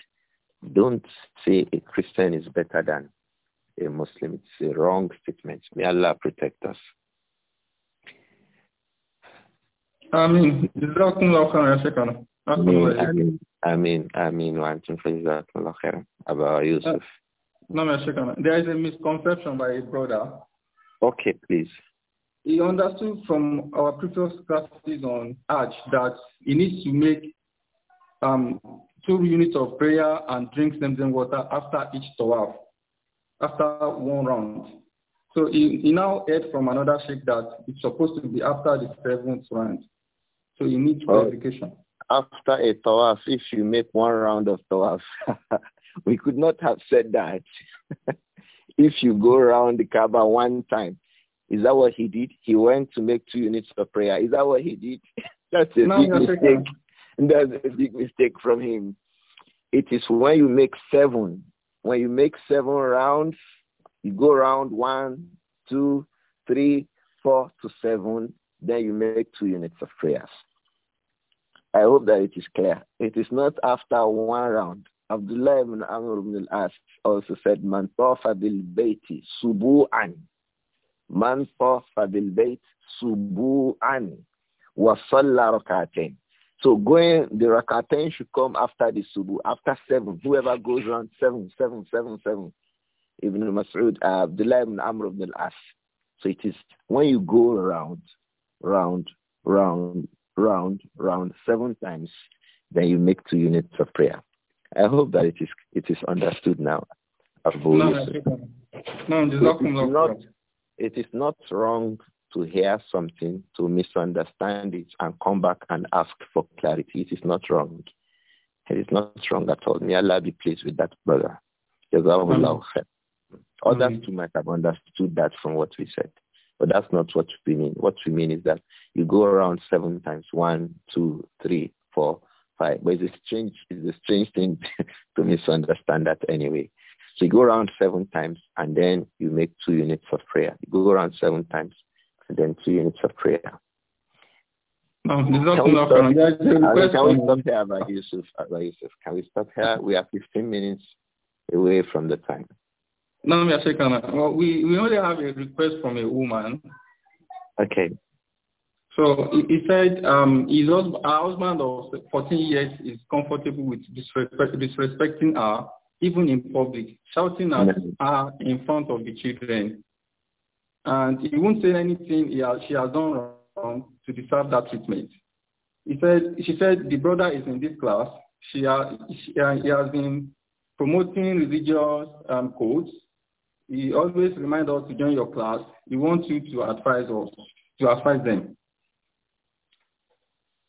don't say a Christian is better than a Muslim. It's a wrong statement. May Allah protect us. آمين جزاكم I? خيرا يا شيخنا آمين آمين آمين وأنتم جزاكم الله خيرا أبا Yusuf. نعم يا شيخنا there is a misconception by a brother okay please he understood from our previous classes on Hajj that he needs to make um, two units of prayer and drink Zemzem water after each tawaf, after one round. So he, he now heard from another sheikh that it's supposed to be after the seventh round. So you need clarification. Oh. after a tawaf, if you make one round of tawaf, we could not have said that. if you go around the Kaaba one time, is that what he did? He went to make two units of prayer. Is that what he did? That's a no, big no, mistake. No. That's a big mistake from him. It is when you make seven. When you make seven rounds, you go round one, two, three, four to seven. Then you make two units of prayers. I hope that it is clear. It is not after one round. Abdullah ibn Amr ibn al-As also said, Man tafa bil bayti subu'an. Man tafa bil bayt subu'an. Wa salla rakatain. So going, the rakatain should come after the subu, after seven. Whoever goes round seven, seven, seven, seven. Ibn Mas'ud, uh, Abdullah ibn Amr ibn al-As. So it is when you go around, round, round, round, round seven times. Then you make two units of prayer. I hope that it is it is understood now. no, no, it is not, it is not wrong to hear something, to misunderstand it, and come back and ask for clarity. It is not wrong. It is not wrong at all. May Allah be pleased with that brother. Others too might have understood that from what we said. But that's not what we mean. What we mean is that you go around seven times one, two, three, four, five. But it's a strange, it's a strange thing to misunderstand that anyway. So you go around seven times and then you make two units of prayer. You go around seven times and then two units of prayer. No, can, we stop, can we stop here, Abba Yusuf, Abba Yusuf? Can we stop here? We are 15 minutes away from the time. Nam Yashikana, well, we, we only have a request from a woman. Okay. So he, he said um, his husband, husband of 14 years is comfortable with disrespect, disrespecting her, even in public, shouting at mm-hmm. her in front of the children. And he won't say anything he has, she has done wrong to deserve that treatment. He said, she said the brother is in this class. She, ha, she ha, he has been promoting religious um, codes he always reminds us to join your class. He wants you to advise us, to advise them.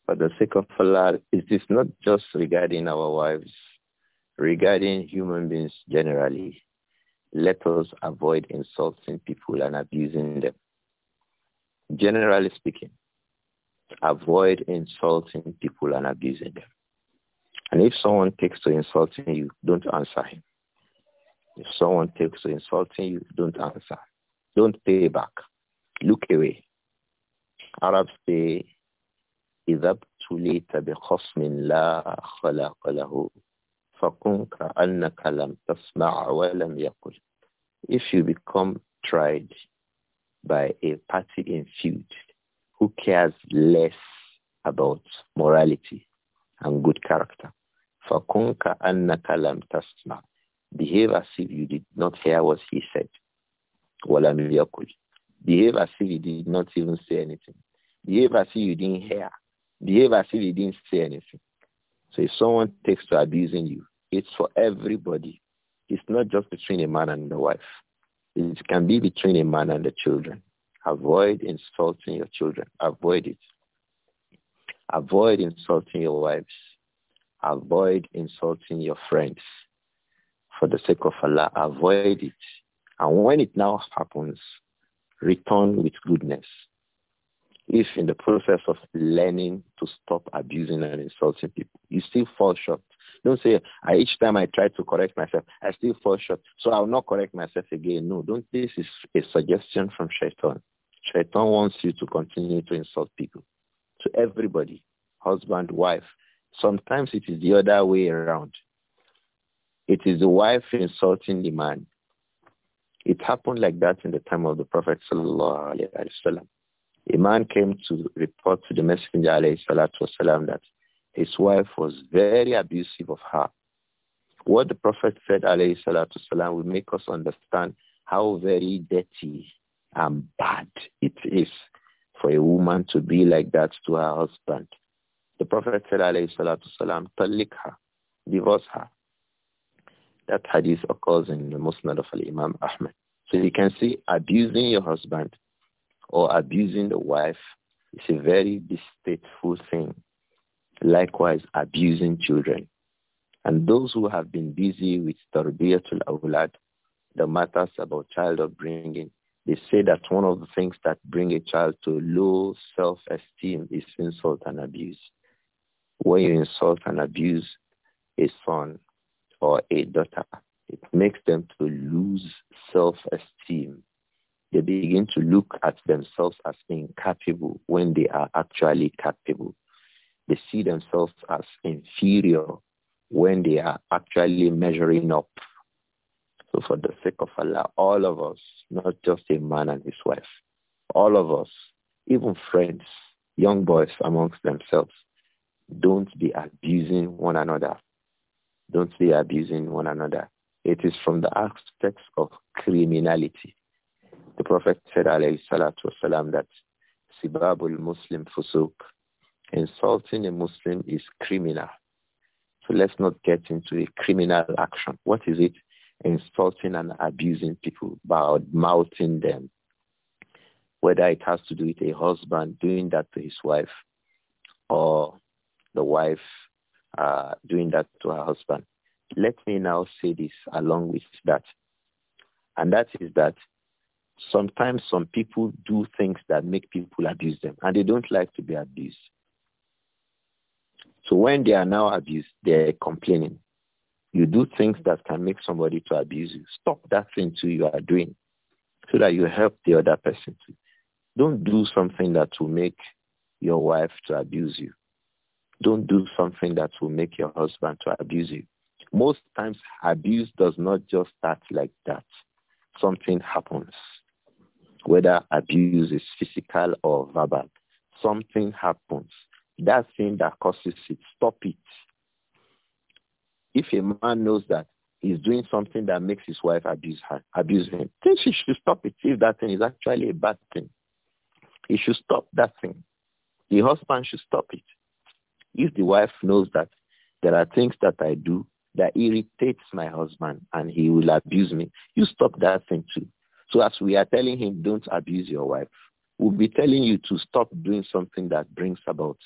For the sake of Allah, it is not just regarding our wives, regarding human beings generally. Let us avoid insulting people and abusing them. Generally speaking, avoid insulting people and abusing them. And if someone takes to insulting you, don't answer him if someone takes to insulting you, don't answer. Don't pay back. Look away. Arabs say, إِذَا ابْتُلِيتَ بِخَصْمٍ لَا خَلَقَ لَهُ فَقُنْ كَأَنَّكَ لَمْ تَسْمَعْ وَلَمْ يَقُلْ If you become tried by a party in feud who cares less about morality and good character, فَقُنْ كَأَنَّكَ لَمْ تَسْمَعْ Behave as if you did not hear what he said. Behave as if you did not even say anything. Behave as if you didn't hear. Behave as if you didn't say anything. So if someone takes to abusing you, it's for everybody. It's not just between a man and a wife. It can be between a man and the children. Avoid insulting your children. Avoid it. Avoid insulting your wives. Avoid insulting your friends for the sake of Allah, avoid it. And when it now happens, return with goodness. If in the process of learning to stop abusing and insulting people, you still fall short. Don't say, I, each time I try to correct myself, I still fall short. So I will not correct myself again. No, don't. This is a suggestion from Shaitan. Shaitan wants you to continue to insult people, to everybody, husband, wife. Sometimes it is the other way around it is the wife insulting the man. It happened like that in the time of the Prophet sallallahu A man came to report to the Messenger alayhi that his wife was very abusive of her. What the Prophet said alayhi will make us understand how very dirty and bad it is for a woman to be like that to her husband. The Prophet said alayhi salatu talik her, divorce her. That hadith occurs in the Musnad of Imam Ahmed. So you can see abusing your husband or abusing the wife is a very distasteful thing. Likewise, abusing children. And those who have been busy with tarbiyatul awlad, the matters about child upbringing, they say that one of the things that bring a child to low self-esteem is insult and abuse. When you insult and abuse a son, or a daughter, it makes them to lose self-esteem. They begin to look at themselves as being capable when they are actually capable. They see themselves as inferior when they are actually measuring up. So for the sake of Allah, all of us, not just a man and his wife, all of us, even friends, young boys amongst themselves, don't be abusing one another don't be abusing one another. It is from the aspects of criminality. The Prophet said, alayhi salatu wasalam, that sibabul Muslim fusuk, insulting a Muslim is criminal. So let's not get into a criminal action. What is it? Insulting and abusing people by mouthing them. Whether it has to do with a husband doing that to his wife or the wife uh, doing that to her husband. Let me now say this along with that. And that is that sometimes some people do things that make people abuse them and they don't like to be abused. So when they are now abused, they're complaining. You do things that can make somebody to abuse you. Stop that thing too you are doing so that you help the other person too. Don't do something that will make your wife to abuse you. Don't do something that will make your husband to abuse you. Most times, abuse does not just start like that. Something happens, whether abuse is physical or verbal. Something happens. That thing that causes it, stop it. If a man knows that he's doing something that makes his wife abuse her, abuse him, then she should stop it if that thing is actually a bad thing. He should stop that thing. The husband should stop it. If the wife knows that there are things that I do that irritates my husband and he will abuse me, you stop that thing too. So as we are telling him, don't abuse your wife, we'll be telling you to stop doing something that brings about,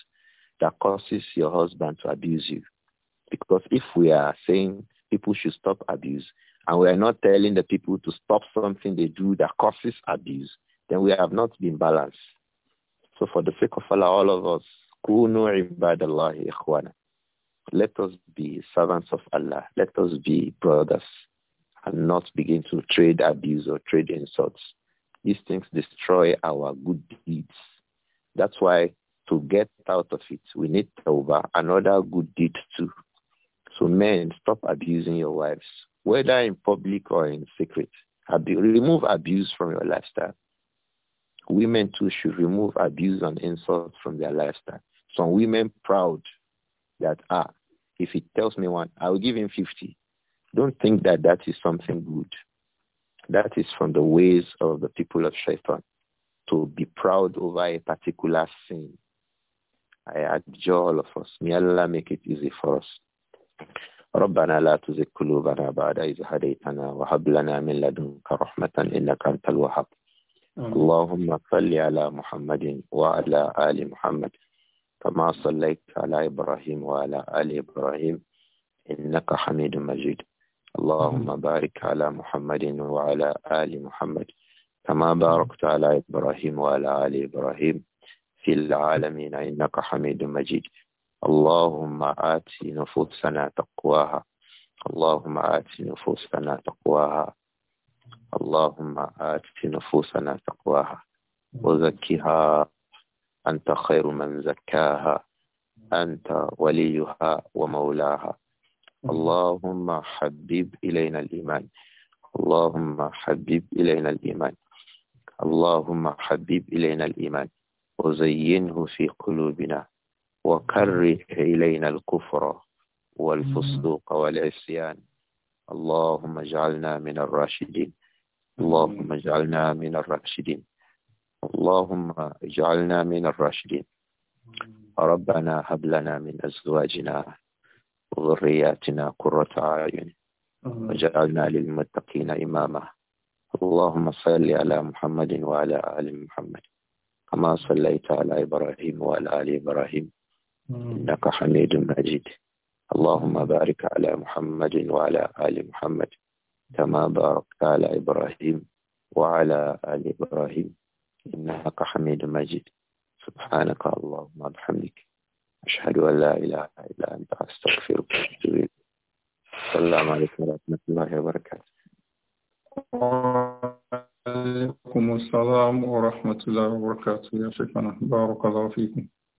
that causes your husband to abuse you. Because if we are saying people should stop abuse, and we are not telling the people to stop something they do that causes abuse, then we have not been balanced. So for the sake of Allah, all of us, Kunu ibadallahi ikhwana. Let us be servants of Allah. Let us be brothers and not begin to trade abuse or trade insults. These things destroy our good deeds. That's why to get out of it, we need over another good deed too. So men, stop abusing your wives, whether in public or in secret. remove abuse from your lifestyle. Women too should remove abuse and insult from their lifestyle. Some women proud that, ah, if he tells me one, I will give him 50. Don't think that that is something good. That is from the ways of the people of Shaitan, to be proud over a particular sin. I adjure all of us. May Allah make it easy for us. ربنا لا تزغ قلوبنا بعد إذ هديتنا وهب لنا من لدنك رحمة إنك أنت الوهاب اللهم صل على محمد وعلى آل محمد كما صليت على إبراهيم وعلى آل إبراهيم إنك حميد مجيد اللهم بارك على محمد وعلى آل محمد كما باركت على إبراهيم وعلى آل إبراهيم في العالمين إنك حميد مجيد اللهم آت نفوسنا تقواها اللهم آت نفوسنا تقواها اللهم آت نفوسنا تقواها وزكها أنت خير من زكاها أنت وليها ومولاها اللهم حبيب إلينا الإيمان اللهم حبيب إلينا الإيمان اللهم حبيب إلينا الإيمان وزينه في قلوبنا وكره إلينا الكفر والفسوق والعصيان اللهم اجعلنا من الراشدين اللهم اجعلنا من الراشدين اللهم اجعلنا من الراشدين ربنا هب لنا من أزواجنا وذرياتنا قرة أعين وجعلنا للمتقين إماما اللهم صل على محمد وعلى آل محمد كما صليت على إبراهيم وعلى آل إبراهيم إنك حميد مجيد اللهم بارك على محمد وعلى آل محمد كما باركت على إبراهيم وعلى آل إبراهيم إنك حميد مجيد سبحانك اللهم وبحمدك أشهد أن لا إله إلا أنت أستغفرك وأتوب السلام عليكم ورحمة الله وبركاته وعليكم السلام ورحمة الله وبركاته يا شيخنا بارك الله فيكم